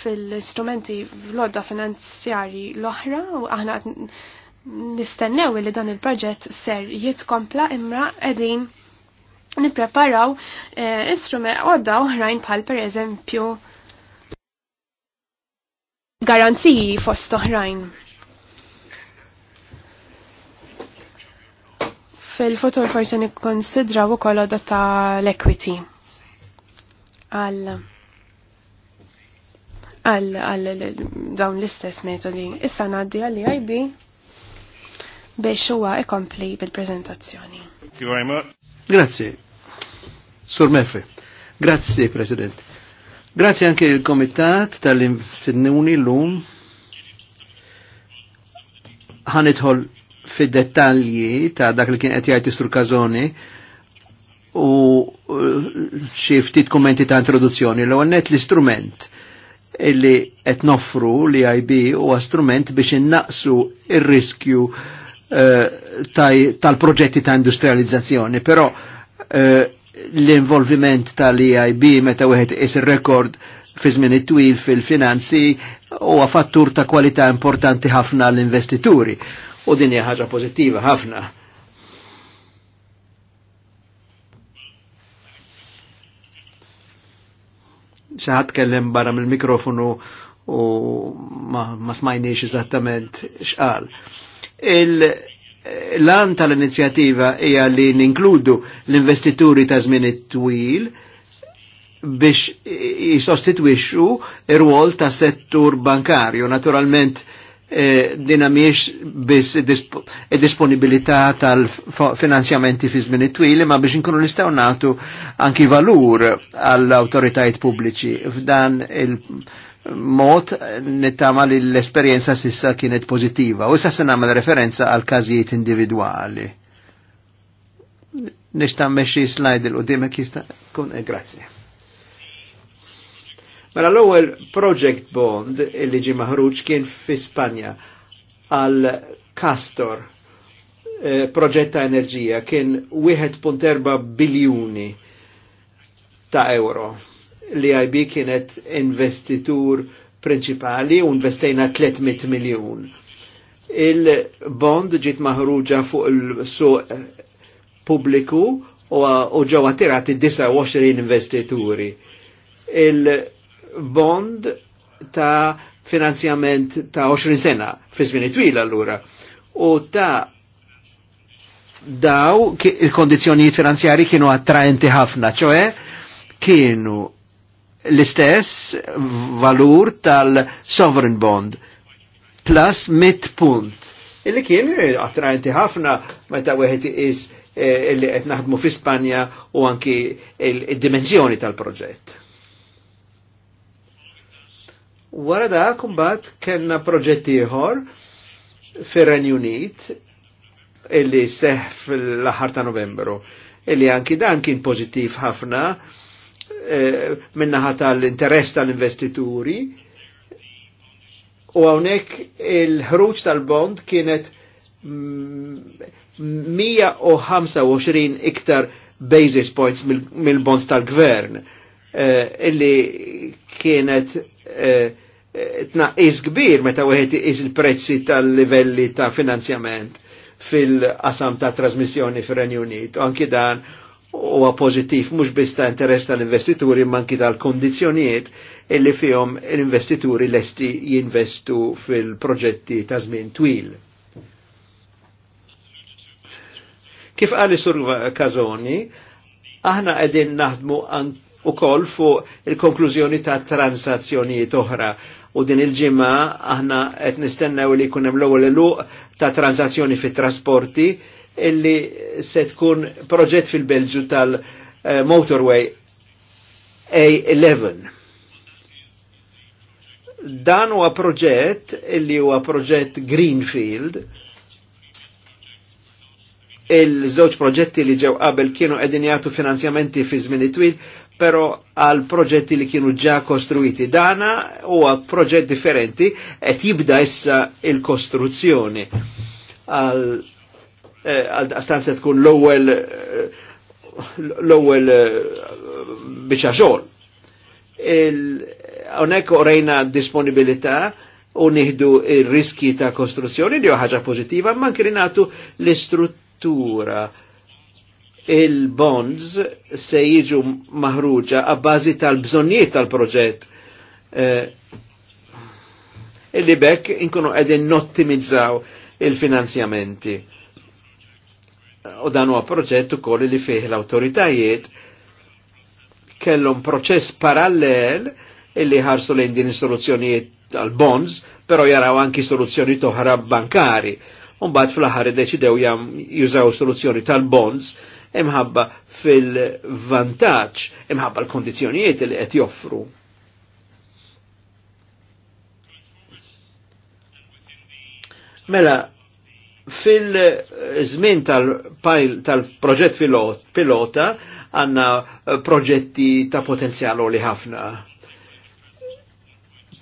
fil-istrumenti l-odda finanzjari l-oħra u aħna nistennew li dan il-proġett ser jitkompla imra qegħdin nippreparaw eh, instrument għodda oħrajn bħal per eżempju garanziji fost oħrajn. Fil-futur forse nikkonsidraw ukoll għodda ta' l-equity għal għal dawn l-istess metodi. Issa ngħaddi għal IB biex huwa ikompli bil-prezentazzjoni. Grazie. Sur Mefri. Grazie, President. Grazie anche il Komitat tal-Imstennuni l-lum. Ħanitħol fid-dettalji ta' dak li kien qed jgħid Istru Kazoni u uh, xi ftit kummenti ta' introduzzjoni. L-ewwel l-istrument illi qed noffru li IB huwa strument biex innaqsu ir-riskju il Eh, tal-proġetti ta' industrializzazzjoni, però eh, l-involviment tal-EIB meta wieħed is rekord fi żmien it-twil fil-finanzi huwa fattur ta' kwalità importanti ħafna l-investituri u din hija ħaġa pożittiva ħafna. Xi kellem barra mill-mikrofonu u ma, ma smajniex eżattament x'qal l-an tal-inizjativa hija li ninkludu l-investituri ta' żmien twil biex jisostitwixxu ir-rwol ta' settur bankarju. Naturalment eh, dinamiex dina disponibilità tal-finanzjamenti fi żmien twil, ma biex inkunu nistgħu nagħtu anki valur għall-awtoritajiet pubbliċi f'dan il- mod nittama li l-esperienza sissa kienet pozittiva. U issa se nagħmel referenza għal każijiet individuali. Nishtam meċi slajd il-qodimek jista' kun e eh, grazie. Mela l-ewwel Project Bond illi ġi maħruġ kien fi Spanja għal Castor proġetta eh, proġett ta' enerġija kien 1.4 biljuni ta' euro li e IB kienet investitur prinċipali u investejna 300 miljon. Il-bond ġiet maħruġa fuq il-suq pubbliku u ġew attirati 29 investituri. Il-bond ta' finanzjament ta' 20 sena, fi twila twil allura, u ta' daw il kondizjoni finanzjari kienu attraenti ħafna, ċoe kienu l-istess valur tal-sovereign bond plus mit punt. Illi kien attraenti ħafna meta wieħed is eh, illi qed naħdmu fi Spanja u anki il-dimensjoni tal-proġett. Wara da kumbat kellna proġett ieħor fir-Renju Unit illi seħ fl-aħħar ta' Novembru. Illi anki dan kien pożittiv ħafna Eh, minnaħa tal-interess tal-investituri u għonek il-ħruċ tal-bond kienet 125 mm, iktar basis points mill-bond tal-gvern eh, illi kienet eh, tnaqqis kbir meta wieħed is il-prezzi tal-livelli ta' finanzjament fil-qasam ta' trasmissjoni fir-Renju Unit. Anki dan huwa pożittiv mhux biss ta' interess tal-investituri manki tal-kondizzjonijiet illi fihom l-investituri lesti jinvestu fil-proġetti ta' żmien twil. Kif qal sur Kazoni, aħna qegħdin naħdmu ukoll fuq il-konklużjoni ta' transazzjonijiet oħra u din il-ġimgħa aħna qed nistennew li jkun hemm l-ewwel luq ta' transazzjoni fit-trasporti illi se tkun proġett fil-Belġu tal-motorway eh, A11. Dan huwa proġett illi huwa proġett Greenfield, il-żewġ proġetti li ġew qabel kienu qegħdin jagħtu finanzjamenti fi żmien twil, però għal proġetti li kienu ġa kostruiti. Dana huwa proġett differenti qed jibda issa il-kostruzzjoni għal Eh, għal stanza tkun l-ewwel eh, l-ewwel eh, biċa xogħol. Hawnhekk orejna disponibilità u nihdu il riski ta' kostruzzjoni li ħaġa pozitiva ma anke l-istruttura il-bonds se jiġu maħruġa bazi tal-bżonniet tal-proġett. Illi e bekk inkunu qegħdin nottimizzaw il-finanzjamenti u dan huwa proġett ukoll li fih l-awtoritajiet kellhom proċess parallel illi ħarsu lejn din is-soluzzjonijiet tal-bonds, però jaraw anki soluzzjoni toħra bankari. Umbagħad fl-aħħar iddeċidew jużaw soluzzjoni tal-bonds imħabba fil-vantaġġ, imħabba l-kondizzjonijiet li qed joffru. Mela, Fil-żmien tal-proġett tal pilota għanna eh, proġetti ta' potenzjal li ħafna.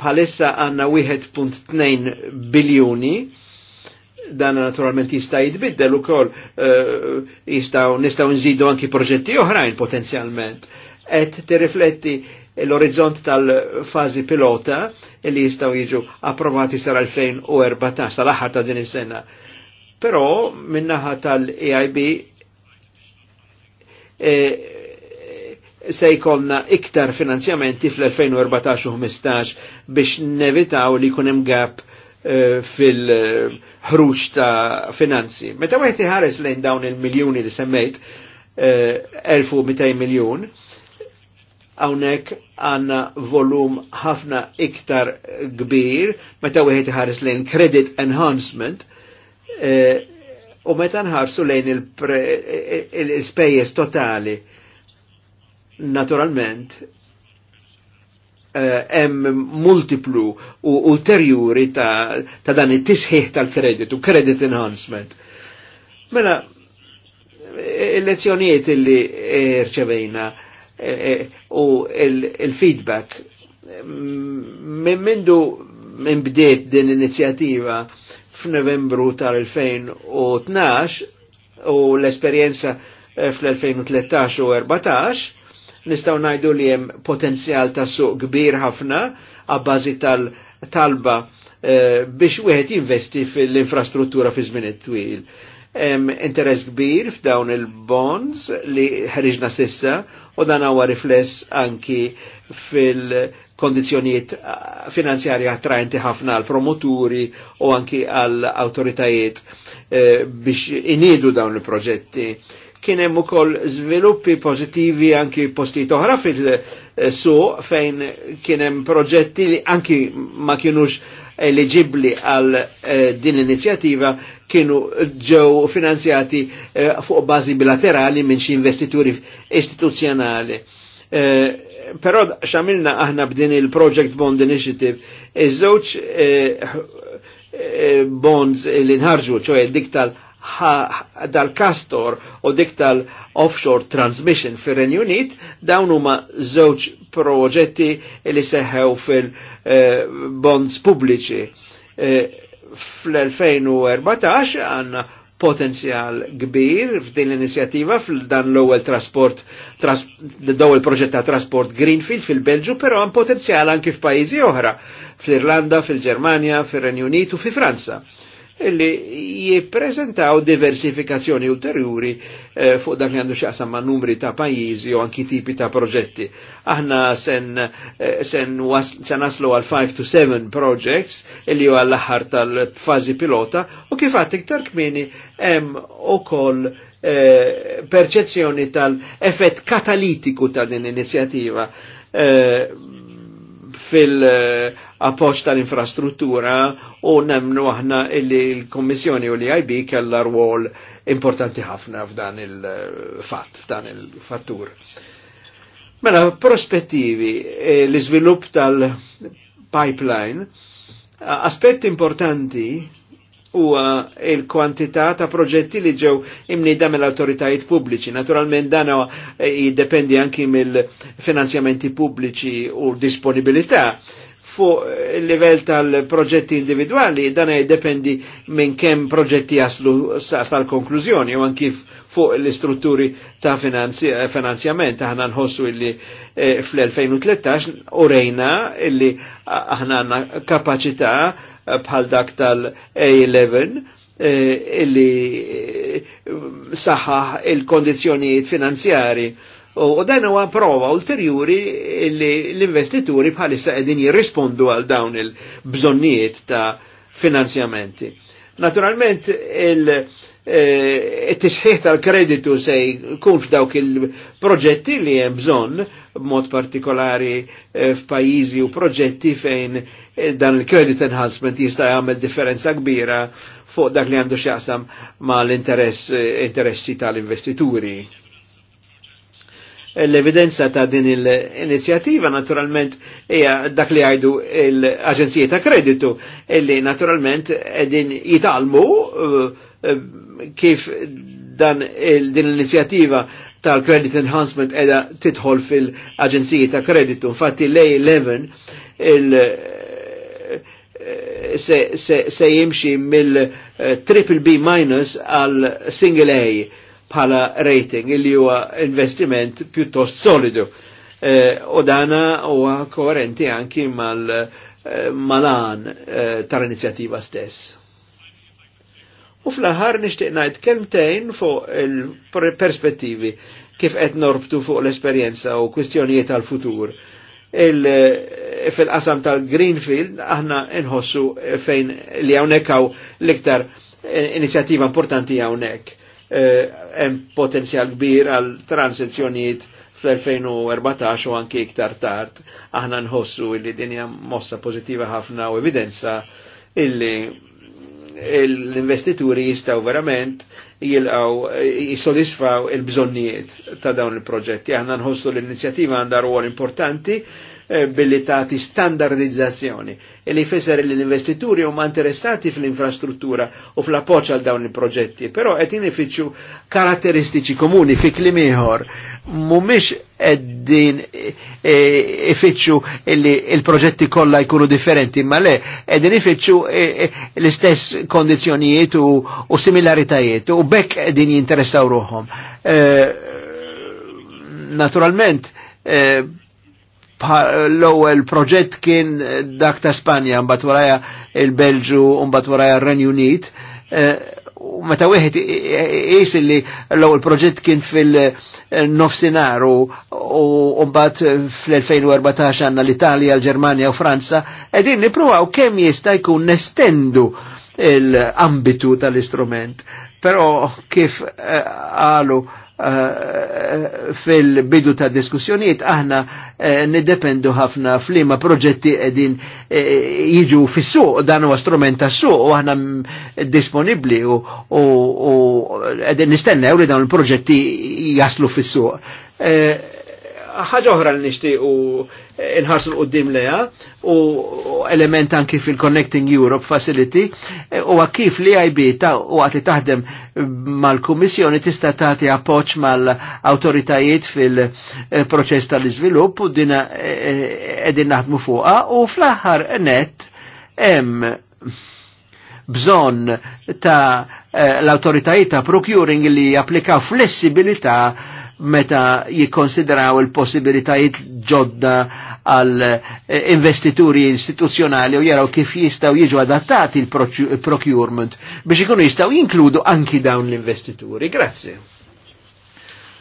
Palissa għanna 1.2 biljoni, dan naturalment jista' jitbiddel ukoll uh, eh, jistgħu nistgħu nżidu anki proġetti oħrajn potenzjalment. Qed tirrifletti l-orizzont tal-fazi pilota li jistaw jiġu approvati sar 2014, sal-aħħar ta' din is-sena. Però minnaħa tal-EIB e, eh, se jkollna iktar finanzjamenti fl-2014 u 15 biex nevitaw li jkun hemm gap e, fil-ħruġ ta' finanzi. Meta wieħed iħares lejn dawn il-miljuni li semmejt, 1200 eh, miljun, għawnek għanna volum ħafna iktar kbir, meta wieħed iħares lejn credit enhancement, Eh, u meta nħarsu lejn il-spejjeż totali, naturalment, eh, hemm multiplu u ulterjuri ta', ta dan it-tisħiħ tal-kredit u credit enhancement. Mela, il-lezzjonijiet illi rċevejna eh, u il-feedback mm, minn mindu minn bdiet din l inizjattiva f'Novembru tal-2012 u l-esperjenza eh, fl-2013 u 14 nistaw najdu li hemm potenzjal ta' suq kbir ħafna għabbażi tal-talba eh, biex wieħed jinvesti fil-infrastruttura fi żmien twil interess kbir f'dawn il-bonds li ħriġna sissa u dan huwa rifless anki fil-kondizjonijiet finanzjarja attraenti ħafna għal promoturi u anki għal autoritajiet eh, biex inidu dawn il-proġetti. Kien hemm ukoll żviluppi pożittivi anki postijiet oħra fil su fejn kien hemm proġetti li anki ma kienux eligibli għal eh, din l-inizjattiva kienu ġew finanzjati eh, fuq bażi bilaterali minn xi investituri istituzzjonali. Eh, però xamilna aħna b'din il-Project Bond Initiative, iż-żewġ bonds li nħarġu, ċoħe dik tal dal-Castor u dik tal-Offshore Transmission fir renju Unit dawn huma żewġ proġetti li seħħew fil-bonds eh, pubbliċi. Eh, fl-2014 għanna potenzjal kbir f'din l-inizjattiva f'dan l-ewwel trasport l-ewwel proġett ta' trasport Greenfield fil-Belġu, però hemm potenzjal anki f'pajjiżi oħra, fl-Irlanda, fil-Ġermanja, fir-Renju Unit u fi Franza illi jippreżentaw diversifikazzjoni ulterjuri eh, fuq dak li għandu xaqsam ma' numri ta' pajjiżi u anki tipi ta' proġetti. Aħna sen, eh, sen, was, sen aslu għal 5 to 7 projects illi ju għall aħħar tal-fazi pilota u kif iktar kmini hemm ukoll eh, perċezzjoni tal-effett katalitiku ta' din inizjativa. Eh, fil-appoċ tal-infrastruttura u nemnu aħna illi l-Kommissjoni u l-IB kella rwol importanti ħafna f'dan il-fat, f'dan il-fattur. Mela, prospettivi, e, l iżvilupp tal-pipeline, aspetti importanti huwa il-kwantità ta' proġetti li ġew imnida mill-autoritajiet pubbliċi. Naturalment dan eh, jiddependi anki mill-finanzjamenti pubbliċi u disponibilità fuq il-livell tal-proġetti individuali, dan jiddependi minn kemm proġetti jaslu sal-konklużjoni u anki fuq l-istrutturi ta' finanzjament. Aħna nħossu illi eh, fl-2013 u rejna illi aħna għanna kapacita' bħal dak tal-A11 eh, illi eh, saħħaħ il-kondizjonijiet finanzjari. U dan huwa prova ulterjuri li l-investituri bħalissa qegħdin jirrispondu għal dawn il-bżonnijiet ta' finanzjamenti. Naturalment il-tisħiħ eh, tal-kreditu se jkun f'dawk il-proġetti li hemm bżonn mod partikolari eh, f'pajjiżi u proġetti fejn eh, dan il-credit enhancement jista' jagħmel differenza kbira fuq dak li għandu x'jaqsam ma l-interessi eh, tal-investituri. L-evidenza ta' din l-inizjattiva naturalment hija dak li għajdu l-Aġenzija ta' Kreditu, illi naturalment din jitalmu kif dan din l-inizjattiva tal-Credit Enhancement edha titħol fil-Aġenziji ta' Kreditu. Infatti lej 11 il- eh, se, se, se jimxi mill-triple eh, B minus għal single A bħala rating illi huwa investiment pjuttost solidu. Eh, u dana huwa koerenti anki mal-malan tal-inizjattiva stess. U fl-aħħar nixtieq ngħid kelmtejn fuq il-perspettivi kif qed norbtu fuq l-esperjenza u kwistjonijiet tal-futur. Fil-qasam tal-Greenfield aħna nħossu fejn li hawnhekk l-iktar inizjattiva importanti hawnhekk. Eh, hemm potenzjal kbir għal transizzjonijiet fl-2014 u anki iktar tard. Aħna nħossu li dinja mossa pożittiva ħafna u evidenza illi l-investituri jistaw verament jilqaw jisodisfaw il-bżonnijiet ta' dawn il-proġetti. Aħna nħossu l-inizjativa għandha rwol importanti Eh, billi tagħti standardizzazzjoni e li jfisser li l-investituri huma interessati fl-infrastruttura u fl-appoġġ għal dawn il-proġetti, però qed inifittxu karakteristiċi komuni fi klimiħor. ieħor mhumiex eh, eh, ifiċu li il-proġetti kollha jkunu differenti, ma le qegħdin ifiċu l-istess kondizjonijiet u similaritajiet u bekk din jinteressaw ruħom. Naturalment, l-ewwel proġett kien eh, dak ta' Spanja mbagħad waraja l belġu u mbagħad waraja r-Renju Unit. Eh, u meta wieħed qis li l-ewwel proġett kien fil-nofsinhar u mbagħad fl-2014 għandna l-Italja, l-Ġermanja u Franza qegħdin nippruwaw kemm jista' jkun nestendu l-ambitu tal-istrument. Però kif eh, qalu uh, Eh, fil-bidu ta' diskussjonijiet aħna eh, nidependu ħafna flima proġetti edin eh, jiġu fis-suq, dan huwa strument ta' suq u aħna disponibli u edin nistenna li dawn il-proġetti jaslu fis-suq. Ħaġa oħra nishti u il-ħarsu l-qoddim leja u element anki fil-Connecting Europe Facility e, u kif li IB ta' u għati taħdem mal-Kummissjoni tista' tagħti appoġġ mal-awtoritajiet fil-proċess tal-iżvilupp u dina e, e, qegħdin naħdmu fuqha u fl-aħħar net hemm bżonn ta' l-autoritajiet ta' procuring li japplikaw flessibilità meta jikkonsideraw il-possibilitajiet ġodda għal eh, investituri istituzzjonali u jaraw kif jistaw jiġu adattati il-procurement biex ikunu jistaw jinkludu anki dawn l-investituri. Grazie.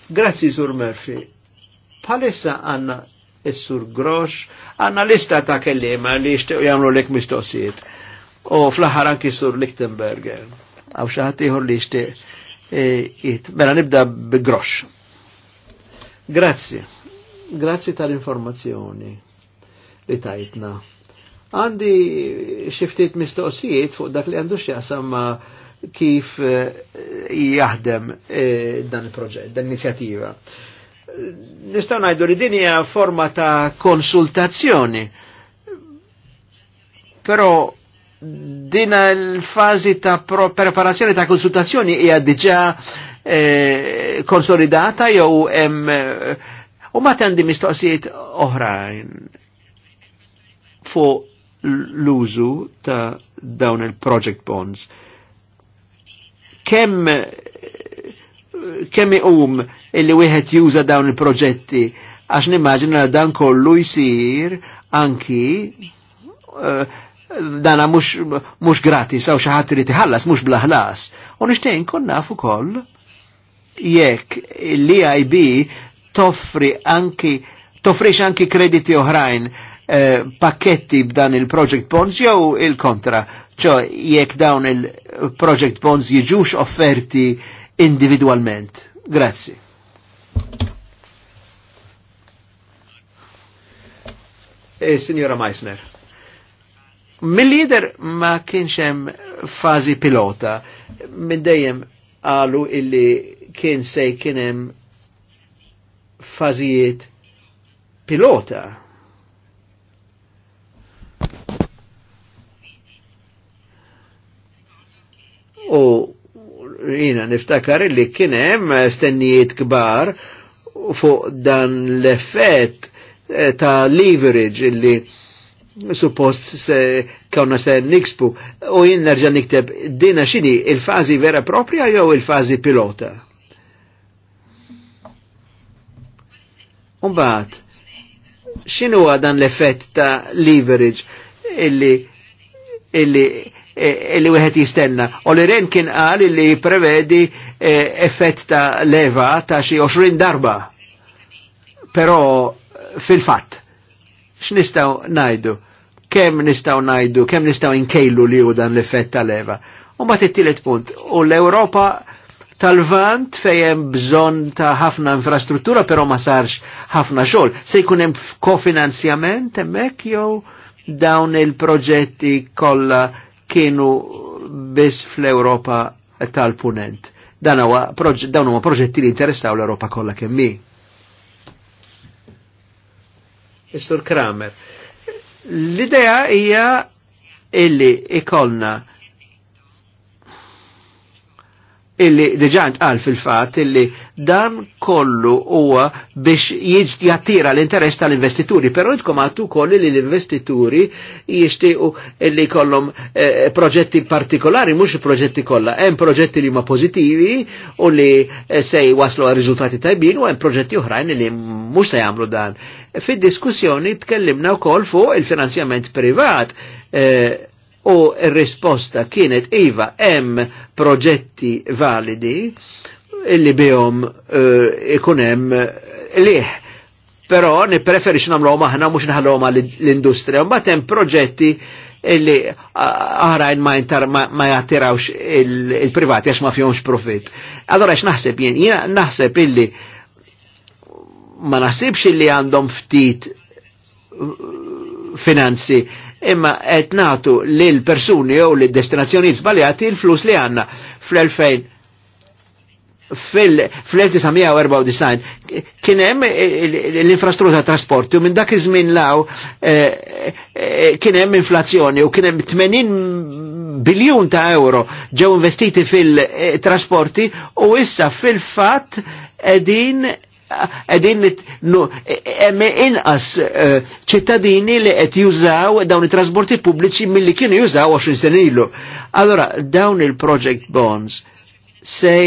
Grazie, Sur Murphy. Palissa għanna Is-Sur Grosh, għanna lista ta' kellima li jishtiq jamlu lek mistoqsijiet. U fl ħar anki Sur Lichtenberger. Għaw xaħat li jishtiq eh, Mela nibda bi Grosh. Grazie. Grazie tal-informazzjoni li tajtna. Għandi xiftit mistoqsijiet fuq dak li għandu xjaqsam ma kif eh, jaħdem eh, dan il-proġett, dan l-inizjativa. Nistaw najdu li dinja forma ta' konsultazzjoni, pero din il-fazi ta' preparazzjoni ta' konsultazzjoni hija diġa' Eh, konsolidata jew hemm eh, u ma tendi mistoqsijiet oħrajn fuq l-użu ta' dawn il-project bonds. Kemm eh, kemm iqum illi wieħed juża dawn il-proġetti għax nimmaġina dan kollu jsir anki dan dana mux, mux gratis, għaw xaħat rriti ħallas, mux blaħlas. U nishtiq nkun naf koll jekk l-EIB toffri anki toffrix anki krediti oħrajn eh, pakketti b'dan il-project bonds jew il-kontra, ċo jekk dawn il-project bonds jiġux offerti individualment. Grazzi. E, signora Meissner, mill-lider ma kienx hemm pilota, minn dejjem għalu illi kien se kienem fazijiet pilota. U jina niftakar li kienem stennijiet kbar fuq dan l-effett eh, ta' leverage illi suppost se kawna se nikspu u jien nerġa' nikteb dina xini il-fazi vera propria jew il-fazi pilota. Umbaħt, xinu dan l-effett ta' leverage illi illi e, illi wieħed jistenna. U li Ren kien qal illi prevedi e, effett ta' leva ta' xi 20 darba. Però fil-fatt, x'nistgħu ngħidu? Kemm nistgħu ngħidu, kemm nistgħu inkejlu li hu dan l-effett ta' leva. U it tittilet punt, u l-Ewropa tal-vant fejem bżon ta' ħafna infrastruttura, pero ma sarx ħafna xol. Se jkun hemm kofinanzjament hemmhekk jew dawn il-proġetti kollha kienu biss fl-Ewropa tal-punent. Dan huwa dawn huwa proġetti li interessaw l-Ewropa kollha kemm hi. Istur Kramer. L-idea hija illi ikolna illi deġant għal fil-fat illi dan kollu huwa biex jattira l-interess tal-investituri, pero jitkom għattu kolli li l-investituri jishtiqu illi kollom eh, proġetti partikolari, mux proġetti kolla, hemm proġetti li ma pozitivi u li eh, se waslu għal rizultati tajbin u hemm proġetti oħrajn li mux se jagħmlu dan. Fid-diskussjoni tkellimna wkoll fuq il-finanzjament privat. Eh, u risposta kienet iva hemm proġetti validi illi bihom eh, ikun uh, hemm eh, liħ. Però nippreferix nagħmluhom aħna mhux nħallhom l-industrija. Mbagħad hemm proġetti illi eh, aħrajn ma, intar, ma, ma jattirawx il-privati għax ma fjomx profit. Allora għax naħseb jien, jina naħseb illi ma naħsibx illi għandhom ftit finanzi imma qed nagħtu lil persuni jew lid destinazzjonijiet żbaljati l-flus li għandna fl-2000 fil-1994 kien hemm l-infrastruttura trasporti u minn dak iż-żmien law eh, eh, kien hemm inflazzjoni u kien hemm 80 biljun ta' euro ġew investiti fil-trasporti eh, u issa fil-fatt edin għedin inqas eh, ċittadini li qed jużaw dawn it-trasporti pubbliċi milli kienu jużaw 20 sen ilu. Allora, dawn il-project bonds se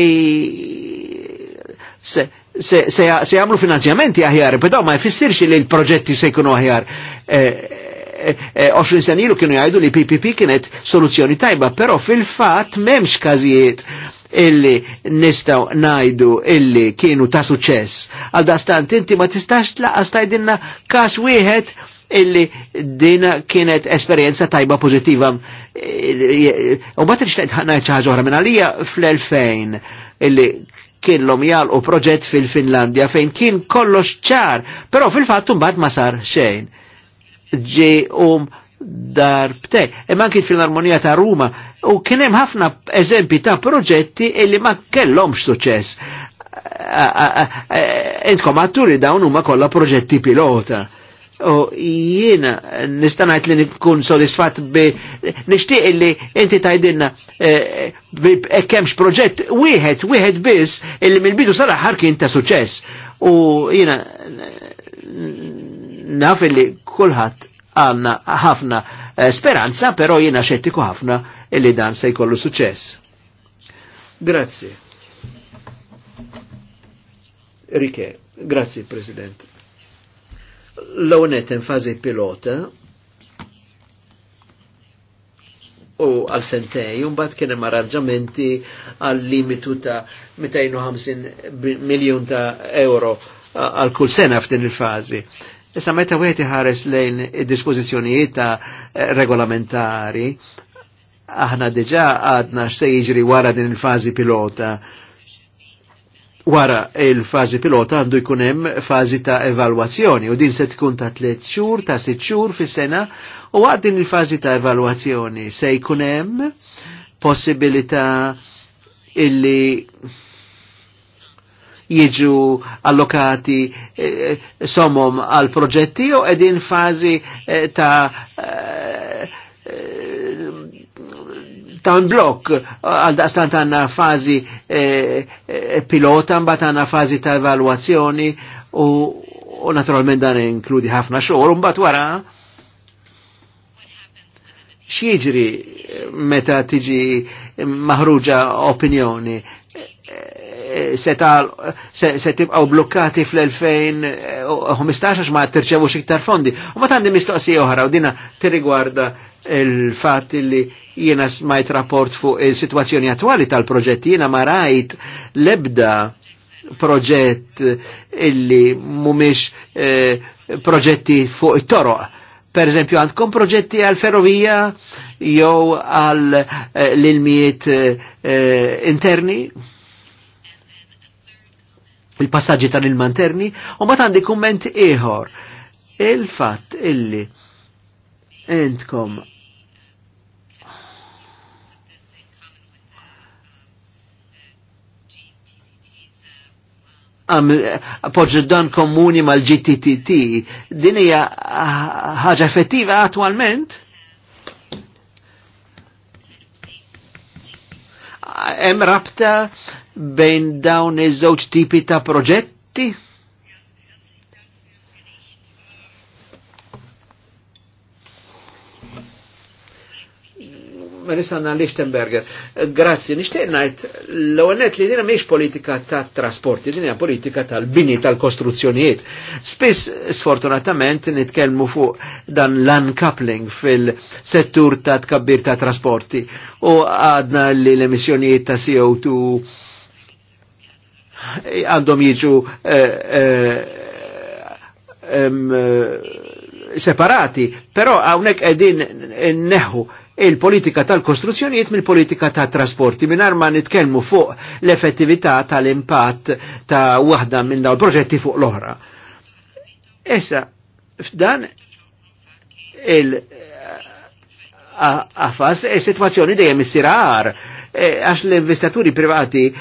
se jagħmlu finanzjamenti aħjar, però ma jfissirx li l-proġetti se jkunu aħjar. 20 eh, eh, sen ilu kienu jgħidu li PPP kienet soluzzjoni tajba, però fil-fatt m'hemmx każijiet illi nistaw najdu illi kienu ta' suċess. Għal stant inti ma tistax laqas tajdinna kas wieħed illi dina kienet esperienza tajba pozittiva. U ma t-iġ najt minn minna lija fl-2000 illi kien l u proġett fil-Finlandja fejn kien kollox ċar, pero fil fattum mbagħad ma sar xejn. Ġi um Dar, pte, e anki fil-armonija ta' Ruma u kien hemm ħafna eżempi ta' proġetti illi ma kellhomx suċċess. Intkom atturi dawn huma kollha proġetti pilota. U jiena nistanajt li nikun sodisfat bi nixtieq li inti tajdilna kemx proġett wieħed wieħed biss illi mill-bidu sara ħar kien ta' suċess. U jiena naf li kulħadd għanna ħafna eh, speranza, però jina xettiku ħafna illi dan se jkollu suċess. Grazie. Rike, grazie President. L-għonet fazi pilota u għal sentej, un bat kienem arranġamenti għal limitu ta' 250 miljon ta' euro għal kull sena f'din il-fazi. Issa meta wieħed iħares lejn id-dispożizzjonijiet ta' eh, regolamentari, aħna diġà għadna x'se jiġri wara din il-fażi pilota. Wara il-fażi pilota għandu jkun hemm fażi ta' evalwazzjoni u din se tkun ta' tliet xhur ta' sitt xhur fis-sena u għad din il-fażi ta' evalwazzjoni se jkun hemm possibilità illi jiġu allokati eh, somom għal proġetti u edin fazi eh, ta' eh, ta' blok għal daqstant għanna fazi eh, pilota mbagħad għanna fazi ta' evaluazzjoni u, u naturalment dan inkludi ħafna xogħol un mbagħad wara xieġri meta tiġi maħruġa opinjoni eh, se tibqaw blokkati fl-2015 ma tirċevu iktar fondi. U ma tandi mistoqsi oħra u dina tirrigwarda il-fat li jiena smajt rapport fuq il-situazzjoni attuali tal-proġett jiena ma rajt lebda proġett illi mumiex eh, proġetti fuq it-toroq. Per eżempju, għandkom proġetti għal ferrovija jew għal eh, l-ilmijiet eh, interni? il-passagġi tal il-manterni, u ma għandi kumment ieħor. Il-fatt illi entkom poġġu dan komuni mal-GTTT, din hija ħaġa effettiva attualment? Hemm rabta bejn dawn iż-żewġ tipi ta' proġetti? Marisanna Lichtenberger. Grazzi, nishtiq najt, l-għonet li dina miex politika ta' trasporti, dina politika tal-bini tal-kostruzzjonijiet. Spiss, sfortunatament, nitkelmu fuq dan l-uncoupling fil-settur ta' tkabbir ta' trasporti u għadna li l-emissjonijiet ta' CO2 għandhom jiġu eh, eh, eh, separati, però għawnek qegħdin neħu il-politika tal-kostruzzjonijiet mill-politika tal trasporti minar arma nitkellmu fuq l-effettività tal-impatt ta' waħda minn daw proġetti fuq l-oħra. Issa, f'dan il- għafas, il situazzjoni dejjem issir għar Eh, għax l-investaturi privati eh,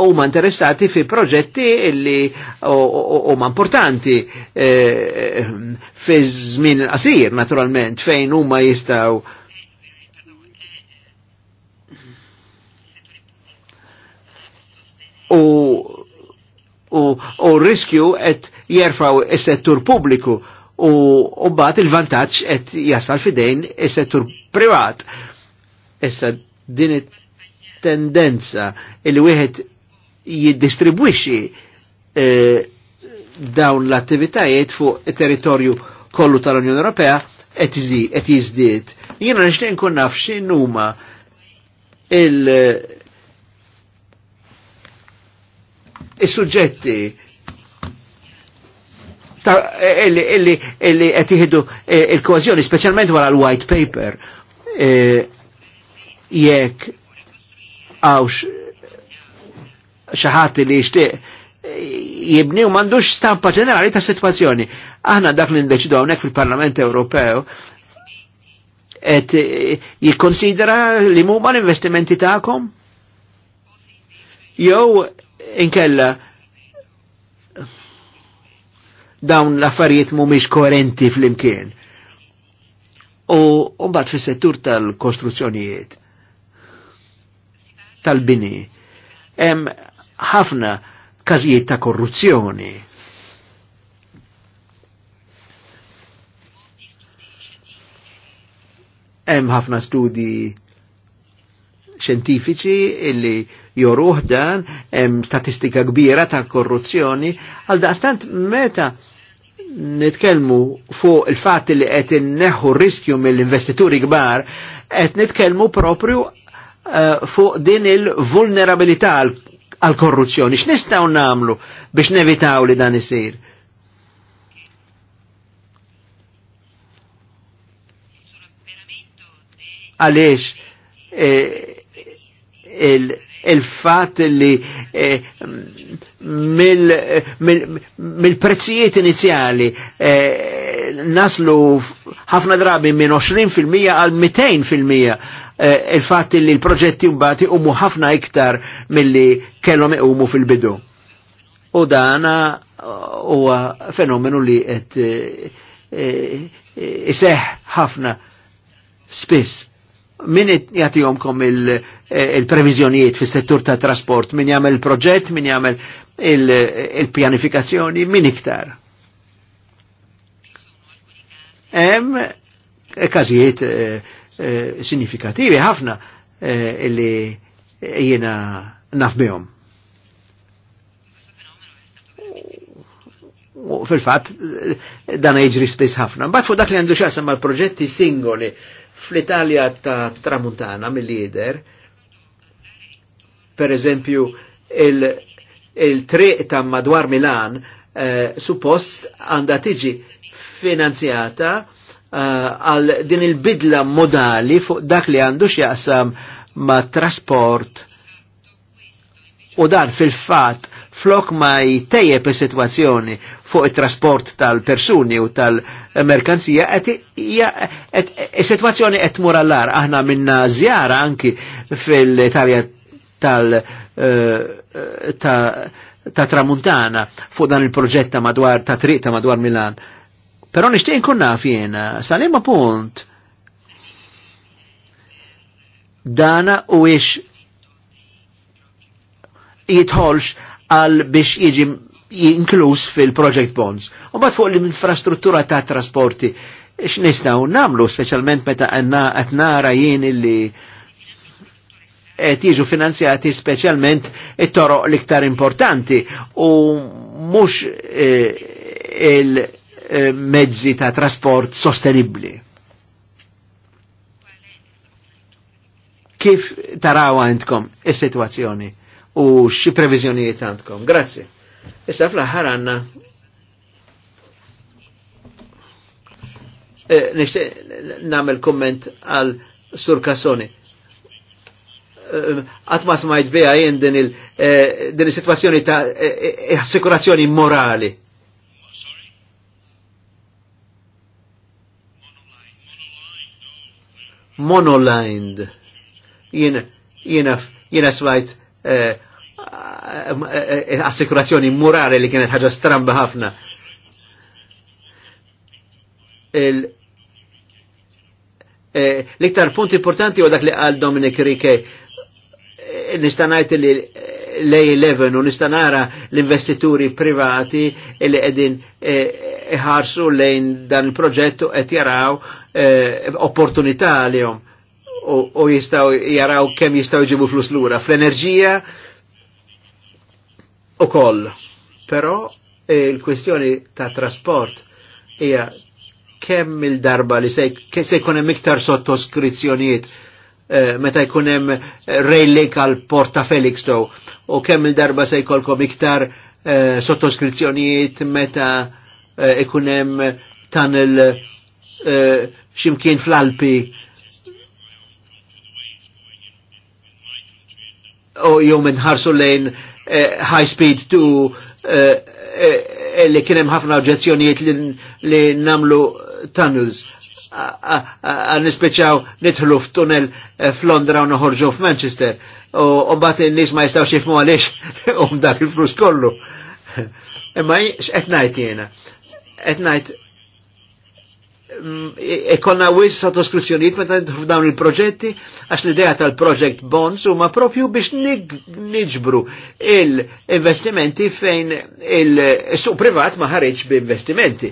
huma interessati fi proġetti li huma importanti eh, fi żmien qasir naturalment fejn huma jistgħu u u riskju qed jerfaw is-settur pubbliku u bat il-vantaġġ qed jasal fidejn is-settur privat. Issa din it tendenza il wieħed jiddistribwixi eh, dawn l-attivitajiet fuq territorju kollu tal-Unjoni Ewropea qed jiżdied. Jiena nixtieq nkun naf x'inhuma il eh, is-suġġetti illi qed jieħdu eh, il-kohezjoni, speċjalment wara l-white paper, jekk għawx xaħat li jishtiq jibni u mandux stampa ġenerali ta' situazzjoni. Aħna dak li ndeċidu għonek fil-Parlament Ewropew et jikkonsidera li mumma l-investimenti ta'kom? Jew inkella dawn l-affarijiet mumiex koerenti fl-imkien. U mbagħad fis-settur tal-kostruzzjonijiet tal-bini. Hemm ħafna każijiet ta' korruzzjoni. Hemm ħafna studji xjentifiċi illi joruħ dan, hemm statistika kbira ta' korruzzjoni, għal daqstant meta nitkellmu fuq il-fatt li qed inneħħu riskju mill-investituri kbar, qed nitkellmu propju Eh, fuq din il-vulnerabilità għal-korruzzjoni. X'nistgħu namlu biex nevitaw li dan isir? Għaliex eh, il-fat li eh, mill-prezzijiet inizjali naslu ħafna drabi minn 20% għal 200% Eh, il-fatt li l-proġetti mbati umu ħafna iktar milli kellhom iqumu fil-bidu. U dana uh, huwa fenomenu li qed eh, eh, iseħ ħafna spiss. Min jagħtihomkom il-previżjonijiet fis-settur ta' trasport, min jagħmel proġett, min jagħmel il-pjanifikazzjoni, min iktar. Hemm każijiet Eh, sinifikativi ħafna eh, illi jiena nafbihom. fil-fat eh, dan iġri spiss ħafna. Mbagħad fuq dak li għandu xasem mal-proġetti singoli fl-Italja ta' Tramuntana mill-lider, per eżempju il-triq ta' madwar Milan suppost għandha tiġi finanzjata Eh, għal din il-bidla modali fuq dak li għandu xjaqsam ma trasport u dan fil-fat flok ma jtejje is-sitwazzjoni fuq it-trasport tal-persuni u tal-merkanzija il-situazzjoni et qed tmur aħna minna żjara anki fil-Italja tal eh, ta' tramuntana fuq dan il-proġett ta' madwar ta' triqta ta' madwar Milan Però nixtieq nkun naf jiena sal punt dana u ix jitħolx għal biex jiġi inkluż fil-project bonds. U bat fuq l-infrastruttura ta' trasporti, x'nistgħu namlu, speċjalment meta qed nara jien illi qed jiġu finanzjati speċjalment it-toroq l-iktar importanti u mhux eh, il- Eh, mezzi ta' trasport sostenibli. Kif taraw għandkom is-sitwazzjoni u xi previżjonijiet għandkom? Grazzi. Issa fl-aħħar għandna eh, nixtieq nagħmel kumment għal Sur Kassoni eh, għatma smajt bija jien din il-situazzjoni ta' assikurazzjoni morali. monolined. Jien jiena jiena swajt eh, eh, eh, assikurazzjoni murali li kienet ħaġa stramba ħafna. L-iktar punt importanti u dak li għal Dominic Rike nistanajt li lej a 11 u nistanara l-investituri privati li edin iħarsu lejn dan il-proġett u qed jaraw opportunità eh, opportunità għalihom u jistaw jaraw kemm jistaw jġibu flus lura fl-enerġija u koll. Però eh, il-kwestjoni ta' trasport hija kemm il-darba li se jkun hemm iktar sottoskrizzjonijiet eh, meta jkun hemm rail għal Porta Felix u kemm il-darba se jkollkom iktar eh, sottoskrizzjonijiet meta ikun hemm tan il- ximkien fl-Alpi u jew minħarsu lejn eh, high speed to eh, eh, eh, li kienem ħafna oġezzjonijiet li, li namlu tunnels nispeċaw nitħlu f'tunnel eh, f'Londra u noħorġu f'Manchester. U mbagħad in-nies ma jistgħux jifhmu għaliex um dak il-flus kollu. Imma x'qed ngħid jiena? Qed ikonna mm, e- wis sottoskrizzjoniet meta f'dawn il-proġetti għax l-idea tal-project bonds huma propju biex niġbru il-investimenti fejn il-suq privat ma ħareġ investimenti.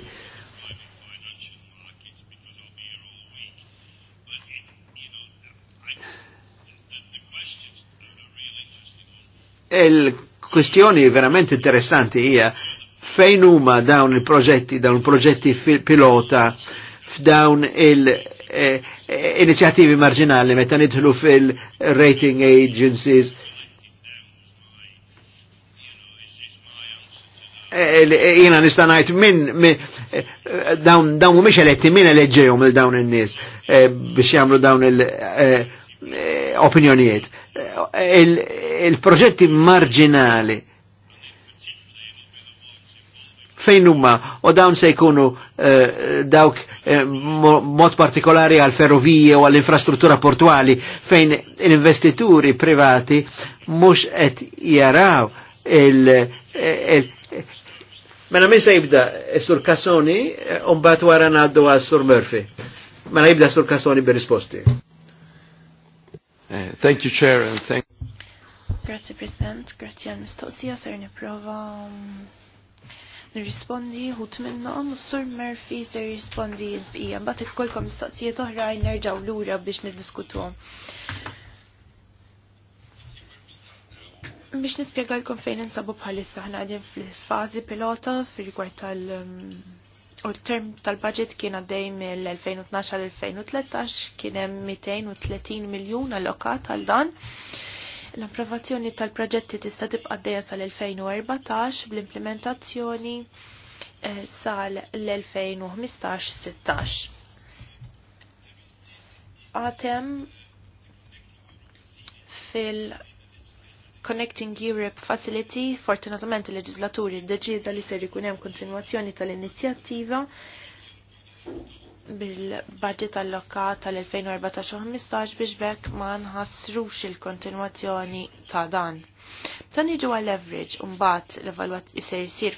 Il-kwistjoni verament interessanti hija fejn huma dawn il-proġetti, dawn il-proġetti pilota f'dawn il-inizjattivi eh, eh, marġinali meta nidħlu fil-rating agencies. Eh, jina nistanajt minn min, dawn dawn mhumiex eletti minn eleġġejhom il dawn in-nies biex jagħmlu dawn il opinjonijiet. Il-proġetti il marġinali fejn huma u dawn se jkunu eh, dawk eh, mod partikolari għal ferrovije u għall infrastruttura portuali fejn l-investituri privati mhux qed jaraw il, il, eh, il Mela min se jibda eh, sur Kassoni eh, u mbagħad wara ngħaddu għal sur Murphy. Mela jibda sur Kassoni bir-risposti. thank you, Chair, and thank Grazie President, grazie għal mistoqsija, ser niprofa um nirrispondi ħut minnhom u Sur Murphy se jirrispondi l-bqija. Mbagħad ikkolkom mistoqsijiet oħrajn l lura biex niddiskutuhom. Biex nispjegalkom fejn insabu bħalissa ħna għadin fil-fażi pilota fil rigward tal- um, U l-term tal-budget kien għaddej mill-2012 għal-2013 kien hemm 230 miljun allokat għal dan. L-approvazzjoni tal-proġetti tista' tibqa' għaddejja sal-2014 bl-implementazzjoni sal-2014 eh, bl-implementazzjoni sal-2015-16. Għatem fil- Connecting Europe Facility, fortunatament il-leġislaturi d-deġida li ser ikun hemm kontinwazzjoni tal-inizjattiva bil-budget allokat tal-2014-15 biex bekk ma nħassrux il-kontinuazzjoni ta' dan. Tan iġu għal-leverage, un-bat jisir jisir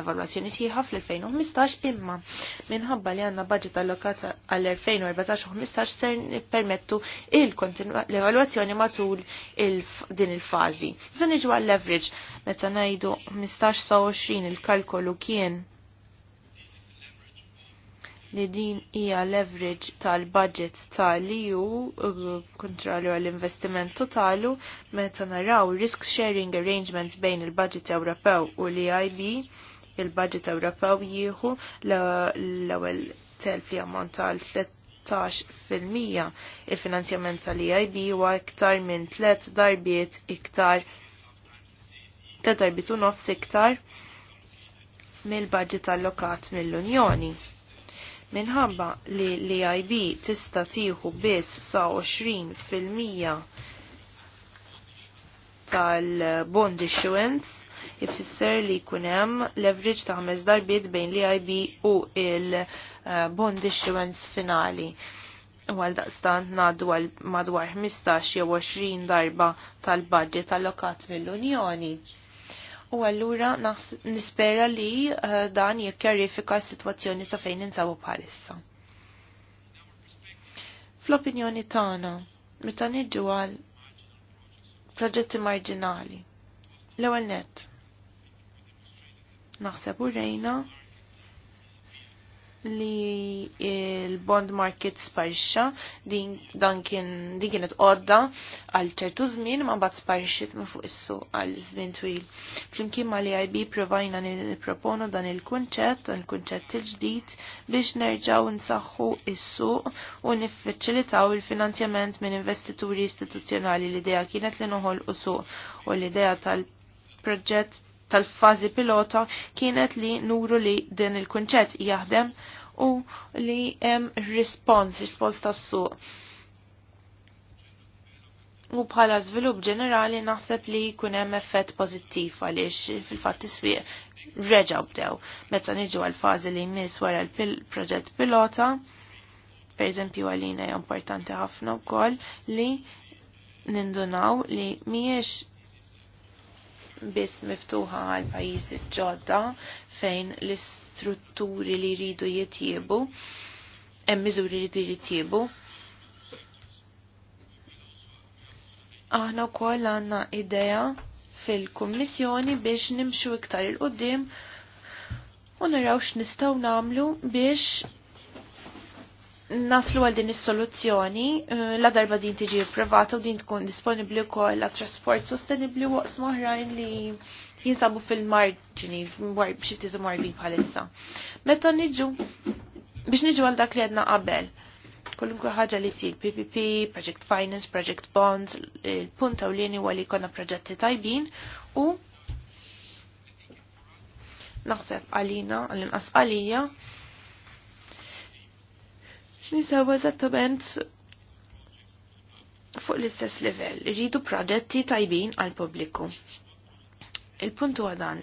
evalwazzjoni sħiħa fl-2015 imma minħabba li għanna budget allokat għal-2014-15 ser permettu l-evalwazzjoni matul din il-fazi. Tan iġu għal-leverage, meta najdu 15-20 il-kalkolu kien li din hija leverage tal-budget tal-EU um, kontrollu għall-investiment totalu meta naraw risk sharing arrangements bejn il-budget Ewropew u l-EIB il-budget Ewropew jieħu l-ewwel telf li ammont tal-13% il-finanzjament tal-EIB huwa iktar minn tliet darbiet iktar tliet darbiet u nofs iktar mill-budget allokat mill-Unjoni. Minħabba li l-IB tista tieħu biss sa 20% fil-mija tal-bond issuance ifisser li jkun hemm leverage ta' ħames darbiet bejn li IB u il-bond issuance finali. Għal naddu għal madwar 15 jew 20 darba tal-budget allokat mill-Unjoni u għallura nispera li eh, dan jikkjarifika s-situazzjoni ta' fejn ninsabu bħalissa. Fl-opinjoni tagħna, meta niġu għal proġetti marginali L-ewwel nett. Naħseb u rejna li il-bond market sparxa din dan kien din kienet għodda għal ċertu żmien ma mbagħad sparxit minn fuq issu għal żmien twil. Flimkien ma li IB provajna nipproponu dan il-kunċett, dan il-kunċett il-ġdid biex nerġgħu nsaħħu is-suq u niffiċilitaw il-finanzjament minn investituri istituzzjonali l-idea kienet li noħolqu suq u l-idea tal-proġett tal-fazi pilota kienet li nuru li din il-kunċett jaħdem u li hemm response, respons tas-suq. U bħala żvilupp ġenerali naħseb li jkun hemm effett pożittiv għaliex fil-fatt iswieq reġa' bdew. Meta niġu għal fażi li jmiss wara l-proġett pilota, per eżempju għalina hija importanti ħafna wkoll li nindunaw li mhijiex biss miftuħa għal pajjiżi ġodda fejn l-istrutturi li jridu jitjiebu, hemm miżuri li jridu jitjiebu. Aħna wkoll għandna idea fil-Kummissjoni biex nimxu iktar il-qudiem u naraw x'nistgħu nagħmlu biex naslu għal din is-soluzzjoni eh, la darba din tiġi privata u din tkun disponibbli wkoll għat trasport sostenibbli waqs oħrajn li jinsabu fil-marġini biex jiftiżu marbi bħalissa. Meta niġu biex niġu għal dak li għedna qabel. Kullunkwe ħaġa li jsir PPP, Project Finance, Project Bonds, il-punta u l-jeni għalli konna proġetti tajbin u naħseb għalina, għall-inqas għalija, nisaw eżattament fuq l-istess level, rridu proġetti tajbin għal pubbliku. Il-puntu għadan,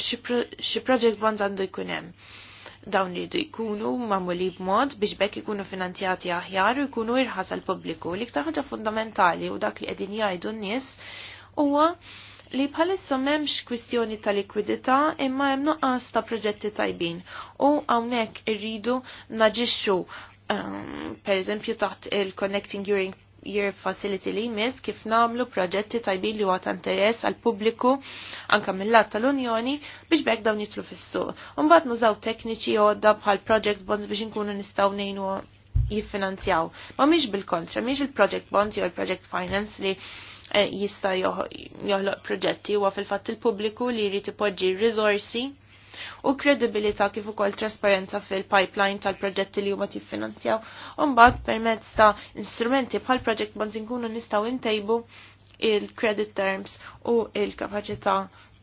xi proġett bond għandu jkunem. Dawn rridu jkunu mamuli b'mod biex bekk ikunu finanzjati aħjar u jkunu irħas għal pubbliku. L-iktar ħaġa fundamentali u dak li qegħdin jgħidu n-nies huwa li bħalissa memx kwistjoni ta' likwidità imma hemm nuqqas ta' proġetti tajbin u hawnhekk irridu naġixxu um, ehm, per eżempju taħt il-Connecting Europe Year Facility li jmiss kif namlu proġetti tajbin li huwa ta' interess għal pubbliku anka mill-lat tal-Unjoni biex bekk dawn jitlu fis-suq. Imbagħad nużaw tekniċi għodda bħal project bonds biex inkunu nistgħu ngħinu jiffinanzjaw. Ma miex bil-kontra, miex il-project bonds jew il-project finance li Eh, jista joħloq proġetti huwa fil-fatt il-pubbliku li jrid ipoġġi risorsi u kredibilità kif ukoll trasparenza fil-pipeline tal-proġetti li huma tiffinanzjaw. u mbagħad permezz ta' instrumenti bħal project bonds inkunu nistgħu ntejbu il-credit terms u il-kapaċità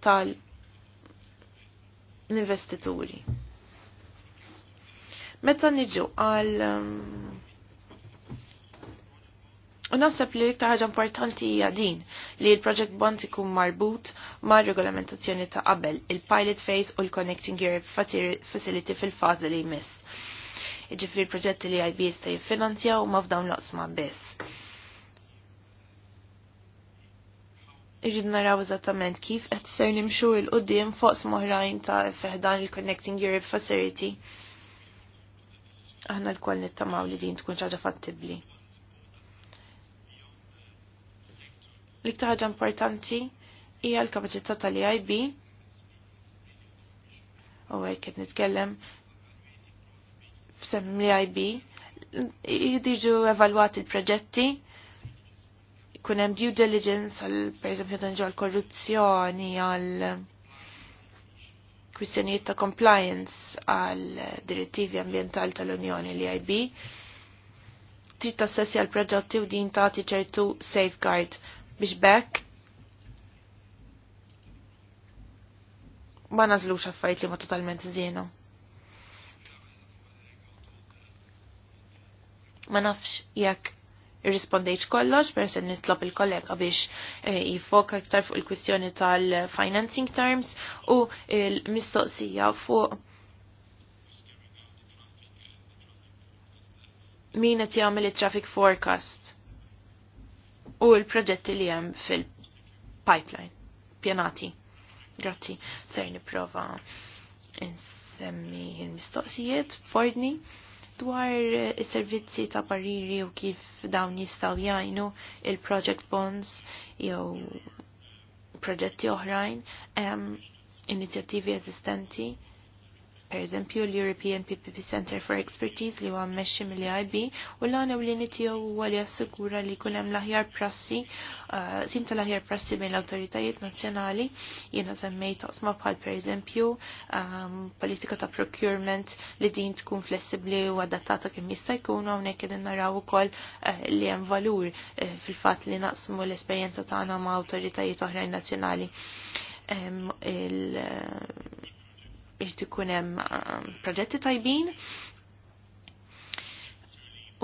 tal-investituri. Meta niġu għal um, U naħseb li l-iktar ħaġa importanti hija din li l-Project Bond ikun marbut ma' regolamentazzjoni ta' qabel il-pilot phase u l-Connecting Europe Facility fil-fażi li jmiss. l proġetti li IB jista' jiffinanzja u ma f'dawn l-oqsma biss. Irrid naraw eżattament kif qed ser nimxu il qudiem fuq smoħrajn ta' feħdan il-Connecting Europe Facility. Aħna l-koll nittamaw li din tkun ċaġa fattibli. L-iktar ħaġa importanti hija l-kapaċità tal ib u hekk qed nitkellem f'sem l ib jiġu evalwati l-proġetti kun hemm due diligence għal pereżempju tanġu għal korruzzjoni għal kwistjonijiet ta' compliance għal direttivi ambientali tal-Unjoni li e IB trid tassessi għal proġetti u din tagħti ċertu safeguard biex bekk ma nażlux affarijiet li ma totalment żienu. Ma nafx jekk irrispondejx kollox, per se nitlob il-kollega biex eh, jifoka iktar fuq il-kwistjoni tal-financing terms u il-mistoqsija fuq min qed jagħmel it-traffic forecast u l-proġetti li hemm fil-pipeline pjanati. Grazzi, ser niprofa insemmi il-mistoqsijiet fordni dwar is-servizzi ta' pariri u kif dawn jistaw jajnu il-project bonds jew proġetti oħrajn, inizjattivi eżistenti per eżempju l-European PPP Center for Expertise li huwa mmexxi mill-IB u l-għana lini tiegħu huwa li assigura li jkun hemm l-aħjar prassi, uh, sim tal-aħjar prassi bejn l-awtoritajiet nazzjonali, jiena semmejt oqsma bħal per eżempju um, politika ta' procurement li din tkun flessibbli u adattata kemm jista' jkun hawnhekk qegħdin naraw ukoll uh, li hemm valur uh, fil-fatt li naqsmu l-esperjenza tagħna ma' awtoritajiet oħrajn nazzjonali. Um, irrid um, proġetti tajbin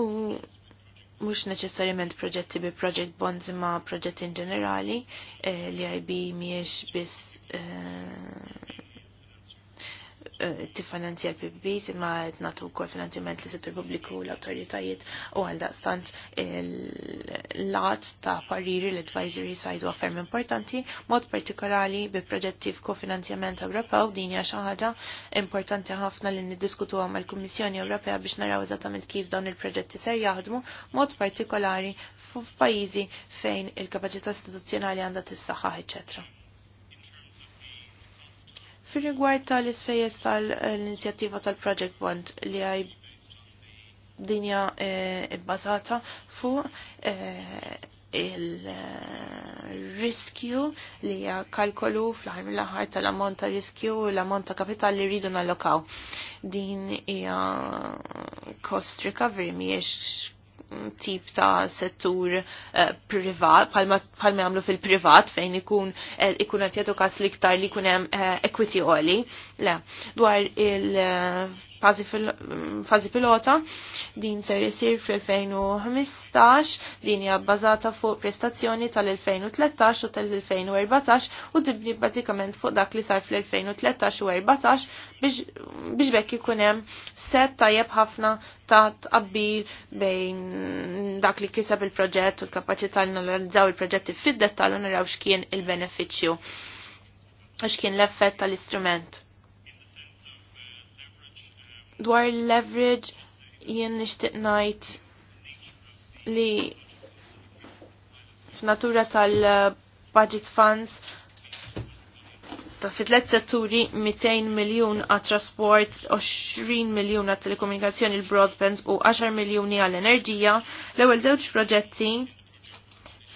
u mux neċessarjament proġetti bi project bonds ma proġetti in ġenerali eh, li IB miex bis eh, Eh, tiffinanzja l ppp imma qed nagħtu wkoll finanzjament li settur pubbliku l-awtoritajiet u għal daqstant l-lat ta' pariri l-advisory side u ferm importanti, mod partikolari bi proġetti f'kofinanzjament Ewropew din hija xi ħaġa importanti ħafna li għam mal-Kummissjoni Ewropea biex naraw eżattament kif dawn il-proġetti ser jaħdmu, mod partikolari f'pajjiżi fejn il-kapaċità istituzzjonali għandha tissaħħaħ, eċċetera. Fir rigward tal-isfejjes tal-inizjattiva tal-Project Bond li għaj dinja eh, bbażata fuq eh, il-riskju li hija kalkolu fl-ħar mill-aħħar tal-ammont ta' riskju u l-ammont ta' kapital li rridu nallokaw. Din hija cost recovery miex tip ta' settur uh, privat, palma għamlu fil-privat fejn ikun uh, ikun għatjetu kas liktar li kunem uh, equity oli. Le, dwar il- Mm, fazi pilota din ser jisir fl-2015 din hija bbażata fuq prestazzjoni tal-2013 u tal-2014 u tibni batikament fuq dak li sar fl-2013 u 2014 biex bekk ikun hemm set tajjeb ħafna ta' tqabbil bejn dak li kiseb il-proġett u l-kapaċità li nalizzaw il-proġetti fid-dettal u naraw x'kien il-benefiċċju għax kien l-effett tal-istrument. Dwar leverage jien nixtieq ngħid li f'natura tal-budget funds ta' fit setturi 200 miljun għat trasport, 20 miljun għat telekomunikazzjoni l-broadband u 10 miljuni għal enerġija. L-ewwel żewġ proġetti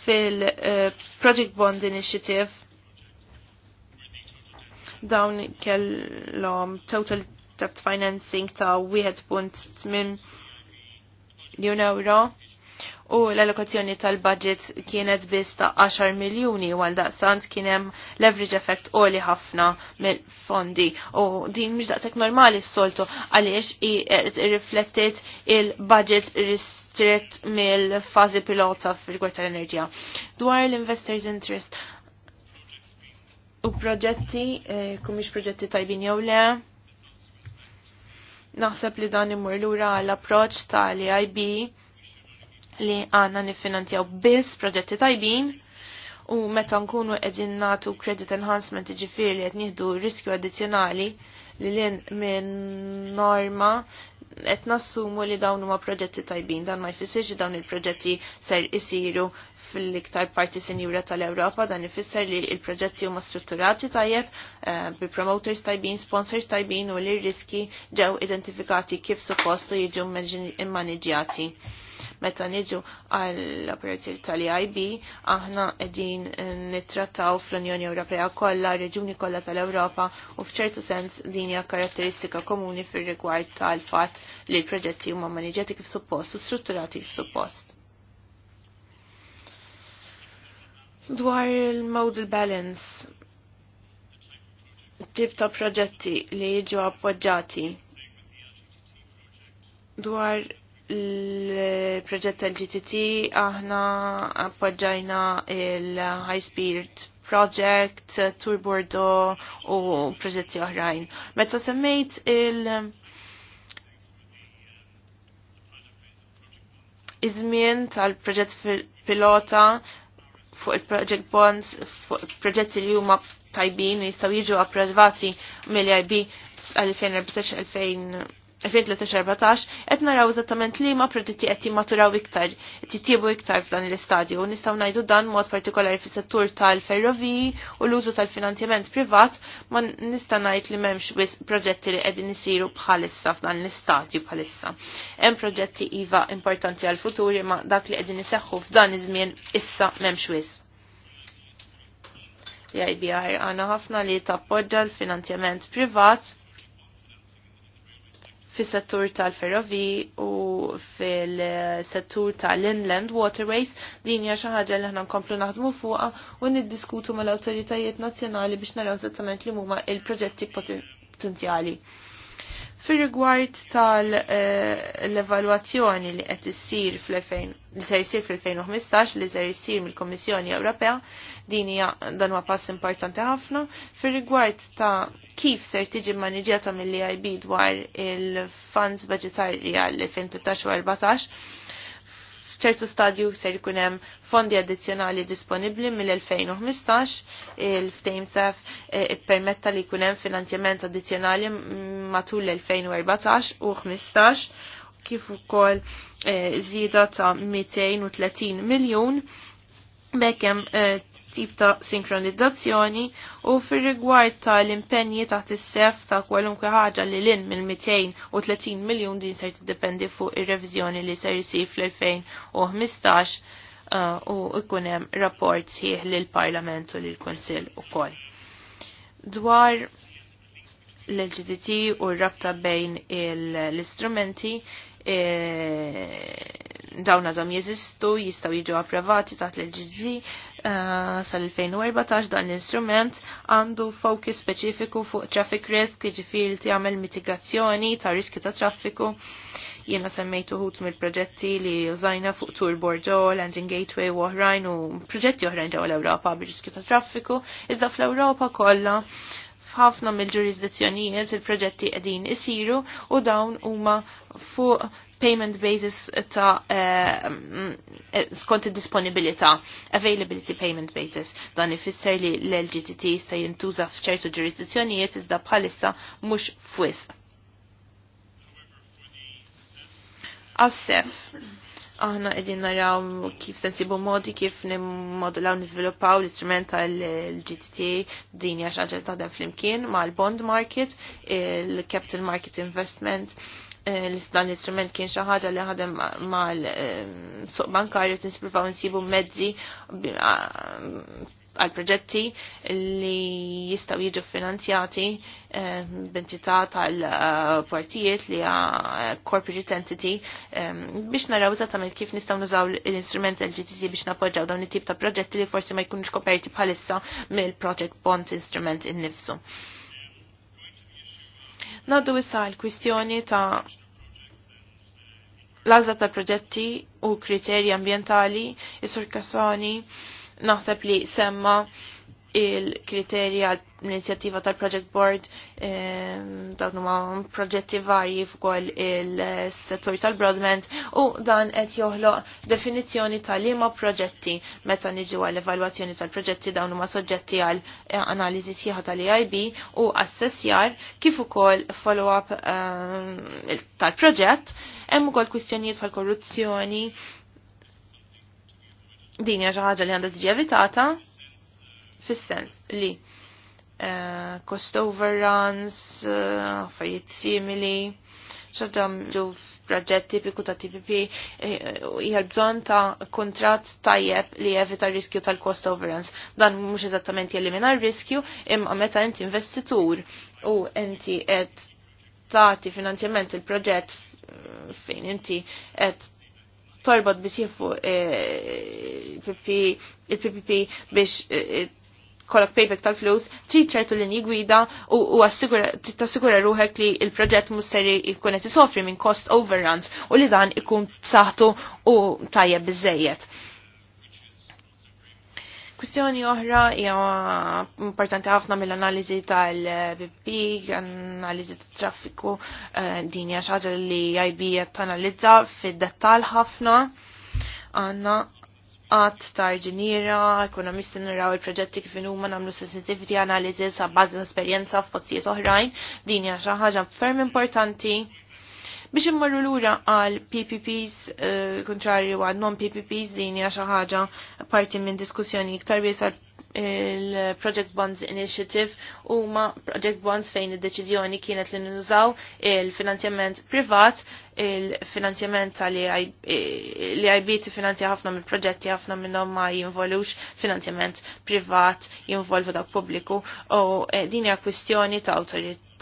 fil-Project eh, Bond Initiative dawn kellhom total debt financing ta' 1.8 miljon euro u l-allokazzjoni tal-budget kienet biss ta' 10 miljuni għal daqsant kien hemm leverage effect li ħafna mill-fondi u din mux daqsak normali s-soltu għaliex eh, reflettit il-budget ristret mill-fażi pilota f'rigward tal-enerġija. Dwar l-investors interest u proġetti, eh, kumiex proġetti tajbin jew le, Naħseb li dan imur lura l-approċ tal-IB li għanna nifinanzjaw biss proġetti tajbin u meta nkunu qegħdin nagħtu credit enhancement ġifieri li qed nieħdu riskju addizzjonali li l minn norma qed nassumu li dawn huma proġetti tajbin, dan ma jfissirx dawn il-proġetti ser isiru fil-iktar parti sinjura tal-Ewropa, dan ifisser li il-proġetti huma strutturati tajjeb eh, bi promoters tajbin, sponsors tajbin u li riski ġew identifikati kif suppostu jiġu immanġjati. Meta niġu għall-operazzjoni tal-IB, aħna qegħdin eh, nittrattaw fl-Unjoni Ewropea kollha, reġuni kollha tal-Ewropa u f'ċertu sens din hija karatteristika komuni fir-rigward tal-fatt li l-proġetti huma maniġeti kif suppost u strutturati kif suppost. Dwar il-modal balance, tip ta' proġetti li jiġu appoġġati dwar l-proġett tal-GTT aħna appoġġajna il-High Spirit Project, Tour Bordeaux u proġetti oħrajn. Meta semmejt il- izmien żmien tal-proġett pilota fuq il-project bonds, fuq il proġetti li huma tajbin jistgħu jiġu approvati mill-IB 2014 2013-2014 qed naraw eżattament liema prodotti qed jimmaturaw iktar, qed jitjiebu iktar f'dan l-istadju u nistgħu ngħidu dan mod partikolari fis-settur tal-ferroviji u l-użu tal-finanzjament privat ma nista' ngħid li m'hemmx wis proġetti li qegħdin isiru bħalissa f'dan l-istadju bħalissa. Hemm proġetti iva importanti għal futuri ma dak li qegħdin iseħħu f'dan iż-żmien issa m'hemmx wis l-IBR għana ħafna li tappoġġa l-finanzjament privat fis-settur tal-ferrovi u fil-settur tal-inland waterways din hija xi ħaġa li aħna nkomplu naħdmu fuqha u niddiskutu mal-awtoritajiet nazzjonali biex naraw eżattament li huma il-proġetti potenzjali. Fir rigward tal-evalwazzjoni eh, l li qed issir fl-2000 li se jsir fil 2015 li se jsir mill-Kommissjoni Ewropea din hija dan huwa pass importanti ħafna fir rigward ta' kif se tiġi maniġjata mill-EIB dwar il-funds budgetari għall 2013 u 14 ċertu stadju ser jkun hemm fondi addizzjonali disponibbli mill-2015 il-ftejm saf e, permetta li jkun hemm finanzjament addizzjonali matul l-2014 u 15 kif ukoll e, żieda ta' 230 miljun bekkem tip ta' sinkronizzazzjoni u fir rigward tal-impenji taħt is-sef ta' kwalunkwe ħaġa li l-in minn 230 miljun din ser tiddependi fuq ir-reviżjoni li ser isir fl-2015 uh, u ikun hemm rapport sħiħ lil parlament u lil kunsill ukoll. Dwar l-LGBT u r-rabta bejn l-istrumenti eh, dawn għadhom jeżistu, jistaw jiġu approvati taħt l-ġiġi uh, sal-2014 dan l-instrument għandu fokus speċifiku fuq traffic risk, ġifil ti għamil mitigazzjoni ta' riski ta' traffiku. Jiena semmejtu hut mill-proġetti li użajna fuq Tour Bordeaux, Landing Gateway u oħrajn u proġetti oħrajn ġew l-Ewropa bir-riskju ta' traffiku, iżda fl-Ewropa kollha f'ħafna mill-ġurisdizzjonijiet il-proġetti qegħdin isiru u dawn huma fuq payment basis ta' eh, eh, skont id-disponibilità, availability payment basis. Dan ifisser li l-LGTT jista' jintuża f'ċertu ġurisdizzjonijiet iżda bħalissa mhux f'wisq. għas aħna qegħdin naraw kif sensibu modi kif nimmodulaw niżviluppaw l-istrument tal-GTT din hija xi ħaġa taħdem flimkien mal-bond market, il-capital market investment, Eh, dan l-istrument kien xi ħaġa li ħadem mal-suq eh, bankarju tinspruvaw insibu mezzi għal proġetti li jistaw jiġu finanzjati eh, b'entità tal-partijiet li corporate entity biex naraw eżattament kif nistaw nużaw l-instrument LGTC biex napoġġaw dawn it-tip ta' proġetti li forsi ma jkunux koperti bħalissa mill-project bond instrument innifsu. In Naddu issa l-kwistjoni ta' l-għazla ta' proġetti u kriterji ambientali, is-surkassoni, naħseb li semma il-kriterja l-inizjattiva tal-Project Board dawn huma proġetti varji f'kol il-settur tal-broadband u dan qed joħloq definizzjoni tal-liema proġetti meta niġu għall evalwazzjoni tal-proġetti dawn huma soġġetti għal analiżi sieħa tal-EIB u assessjar kif ukoll follow-up tal-proġett hemm ukoll kwistjonijiet bħal korruzzjoni din hija xi ħaġa li għandha tiġi evitata fis-sens li uh, cost overruns, eh, affarijiet simili, ċadam ġu proġett tipiku ta' TPP, eh, jgħal bżon ta' kontrat tajjeb li jevita riskju tal-cost overruns. Dan mux eżattament jeliminar riskju, imma meta inti investitur u inti qed tagħti finanzjament il-proġett fejn inti qed torbot bisifu il-PPP biex kollok paper tal-flus, trid ċertu linji gwida u tassigura ruħek li il-proġett mhux ser jkun qed isofri minn cost overruns u li dan ikun b'saħħtu u tajjeb biżejjed. Kwistjoni oħra hija importanti ħafna mill-analiżi tal-BP, analiżi tat-traffiku, eh, din hija xi ħaġa li IB qed tanalizza fid-dettall ħafna għanna qatt ta' inġiniera, ekonomisti naraw il-proġetti kif huma nagħmlu sensitivity analysis sa' bażi ta' esperjenza f'postijiet oħrajn, din hija xi ħaġa ferm importanti biex immorru lura għal PPPs eh, kontrarju għal non-PPPs din hija xi ħaġa parti minn diskussjoni iktar biesa il-Project Bonds Initiative u ma Project Bonds fejn id-deċizjoni kienet li nużaw il-finanzjament privat, il-finanzjament li IB finanzja ħafna mill proġetti ħafna minnhom ma jinvolux finanzjament privat jinvolvu dak pubbliku u eh, din hija kwistjoni ta'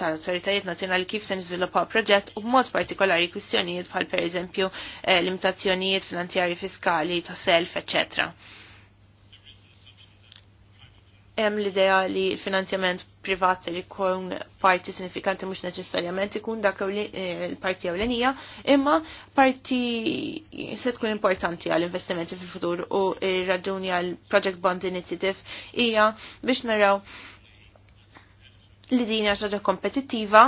tal-autoritajiet nazjonali kif se niżviluppaw proġett u b'mod partikolari kwistjonijiet bħal pereżempju eh, limitazzjonijiet finanzjari fiskali ta' self, eccetera hemm l-idea li l-finanzjament privat li jkun parti sinifikanti mhux neċessarjament ikun dak il-parti eh, ewlenija, imma parti se tkun importanti għall investimenti fil-futur u r-raġuni għal Project Bond Initiative hija biex naraw li din ħaġa kompetittiva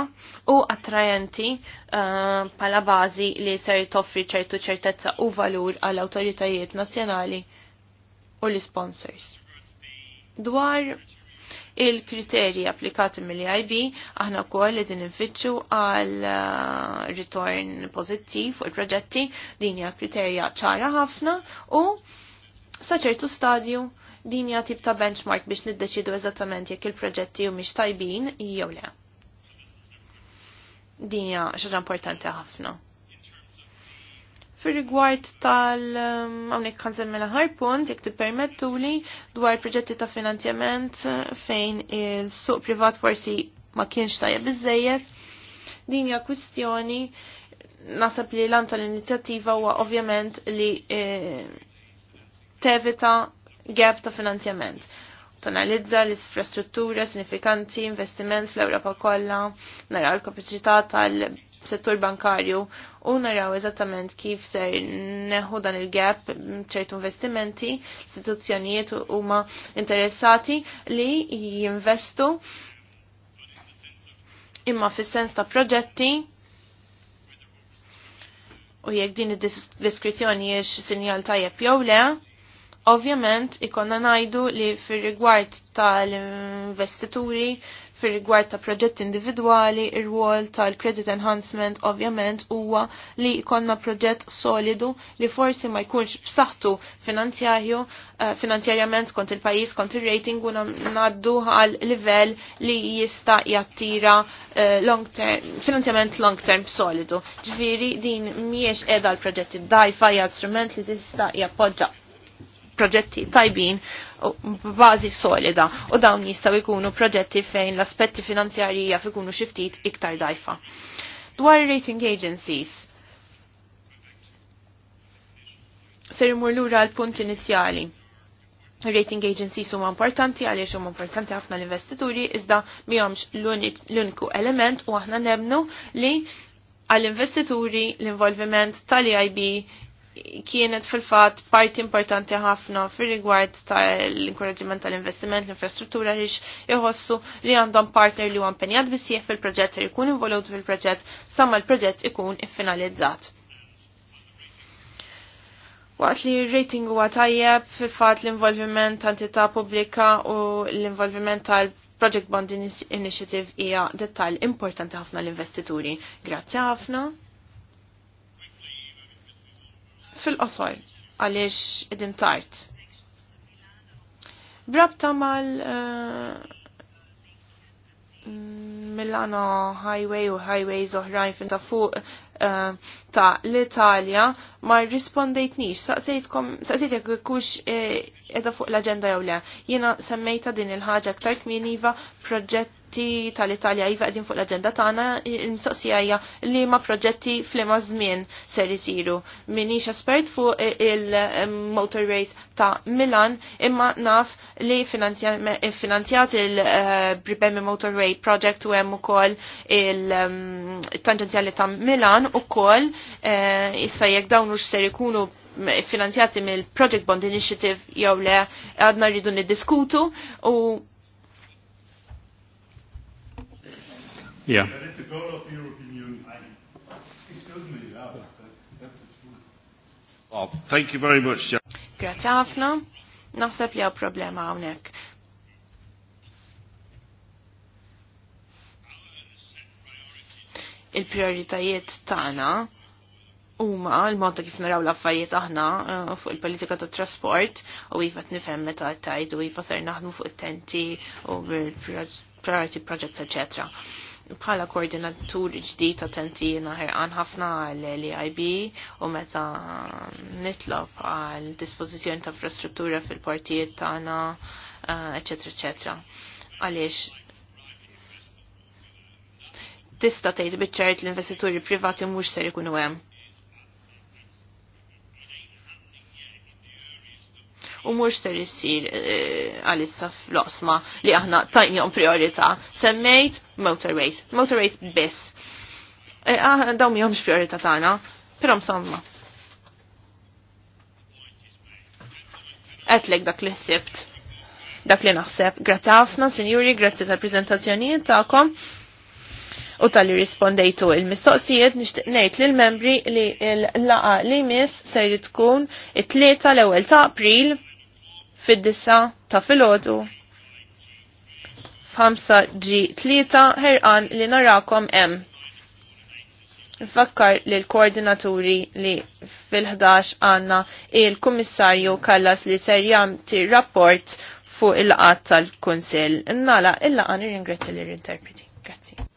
u attrajenti pala eh, bażi li ser toffri ċertu ċertezza u valur għall awtoritajiet nazzjonali u l-sponsors. Dwar il-kriterji applikati mill-IB aħna wkoll li din infittxu għal uh, ritorn pożittiv fuq il-proġetti din hija kriterja ċara ħafna u sa ċertu stadju din hija tip ta' benchmark biex niddeċidu eżattament jekk il-proġetti mhumiex tajbin jew le. Din hija xaġa importanti ħafna. Fir-rigward tal hawnhekk um, kan semmela ħarpunt jekk permettu li dwar proġetti ta' finanzjament uh, fejn il-suq privat forsi ma kienx tajja bizzejet, Din hija kwistjoni nasab li lan tal-inizjattiva huwa ovvjament li eh, tevita gap ta' finanzjament tonalizza l-infrastruttura sinifikanti, investiment fl-Ewropa kollha, nara l-kapaċità tal settur bankarju u naraw eżattament kif ser neħu dan il-gap ċertu investimenti, istituzzjonijiet huma interessati li jinvestu imma fis-sens ta' proġetti u jekk din id-diskrizzjoni jiex sinjal tajjeb jew le, ovvjament ikonna najdu li fir rigward tal-investituri fir rigward ta' proġett individwali, ir wol tal-credit enhancement ovvjament huwa li jkollna proġett solidu li forsi ma jkunx saħtu finanzjarju eh, finanzjarjament kont il-pajjiż kont ir-rating u ngħaddu għal livell li jista' jattira eh, long term finanzjament long term solidu. Ġifieri din mhijiex qiegħda l-proġetti dajfa hija strument li tista' jappoġġa proġetti tajbin bazi solida u dawn jistaw ikunu proġetti fejn l-aspetti finanzjarji jaf ikunu xiftit iktar dajfa. Dwar rating agencies, ser imur lura l-punt inizjali. Rating agencies huma importanti għaliex huma importanti ħafna l-investituri iżda mihomx l-uniku element u aħna nebnu li għall-investituri l-involviment tal-IB kienet fil-fat parti importanti ħafna fir rigward tal inkoraġiment tal-investiment l-infrastruttura rix iħossu li għandhom partner li għan penjad bisieħ fil-proġett li jkun involut fil-proġett samma l-proġett ikun iffinalizzat. Waqt li rating huwa tajjeb fil-fat l-involviment ta' entità pubblika u l-involviment tal-Project Bond Initiative hija dettall importanti ħafna l-investituri. Grazzi ħafna fil-qosor għaliex idin tart. Brabta mal eh, Milano Highway u Highways oħrajn fin ta' fuq eh, ta' l-Italja ma rispondejtnix. Saqsejt jek kux eh, edha fuq l-agenda jew le. Jiena semmejta din il-ħaġa ktar kminiva proġett proġetti tal-Italja jiva għedin fuq l-agenda tagħna il msoqsija li ma proġetti flima żmien ser isiru. Minix espert fuq il-motor race ta' Milan imma naf li finanzjat il-Bribemi eh, Motorway Project u hemm ukoll il-tangenzjali mm, ta' Milan ukoll eh, issa jekk dawn ux ser ikunu finanzjati mill Project Bond Initiative jew le għadna rridu niddiskutu u Yeah. That is the goal of the European Union. Excuse me, yeah, but that's the truth. thank you very much, Grazie ħafna. Naħseb li problema hawnhekk. Il-prioritajiet tagħna huma l-mod kif naraw l-affarijiet aħna eh, fuq il-politika ta' trasport u iva nifhem meta tajt u iva ser naħdmu fuq it-tenti u priority projects, eċetera bħala koordinatur ġdid tentina ħerqan ħafna għal l-IB u meta nitlob għal dispożizzjoni ta' infrastruttura fil-partijiet tagħna, eċetera, eh, eċetera. Għaliex tista' tgħid biċ-ċert l-investituri privati mhux ser ikunu hemm u mhux ser issir eh, għalissa fl-osma li aħna tajnjom priorita. Semmejt motorways, motorways biss. Eh, ah, Daw għomx priorita tagħna, pero msomma. Għetlek dak li ħsibt dak li naħseb. Grazzi ħafna, sinjuri, grazzi tal-prezentazzjonijiet tagħkom u tal-li rispondejtu il-mistoqsijiet nixtieq ngħid lill membri li l-laqa li miss ser tkun it-tlieta l-ewwel ta' April fid dissa ta' filgħodu f5 g tlita ħerqan li narakom hemm. Fakkar li l-koordinaturi li fil-11 għanna il-Kummissarju Kallas li ser jamti rapport fuq il-qat tal-Kunsill. Nala, illa għan ringrazzi l-interpreti. Grazie.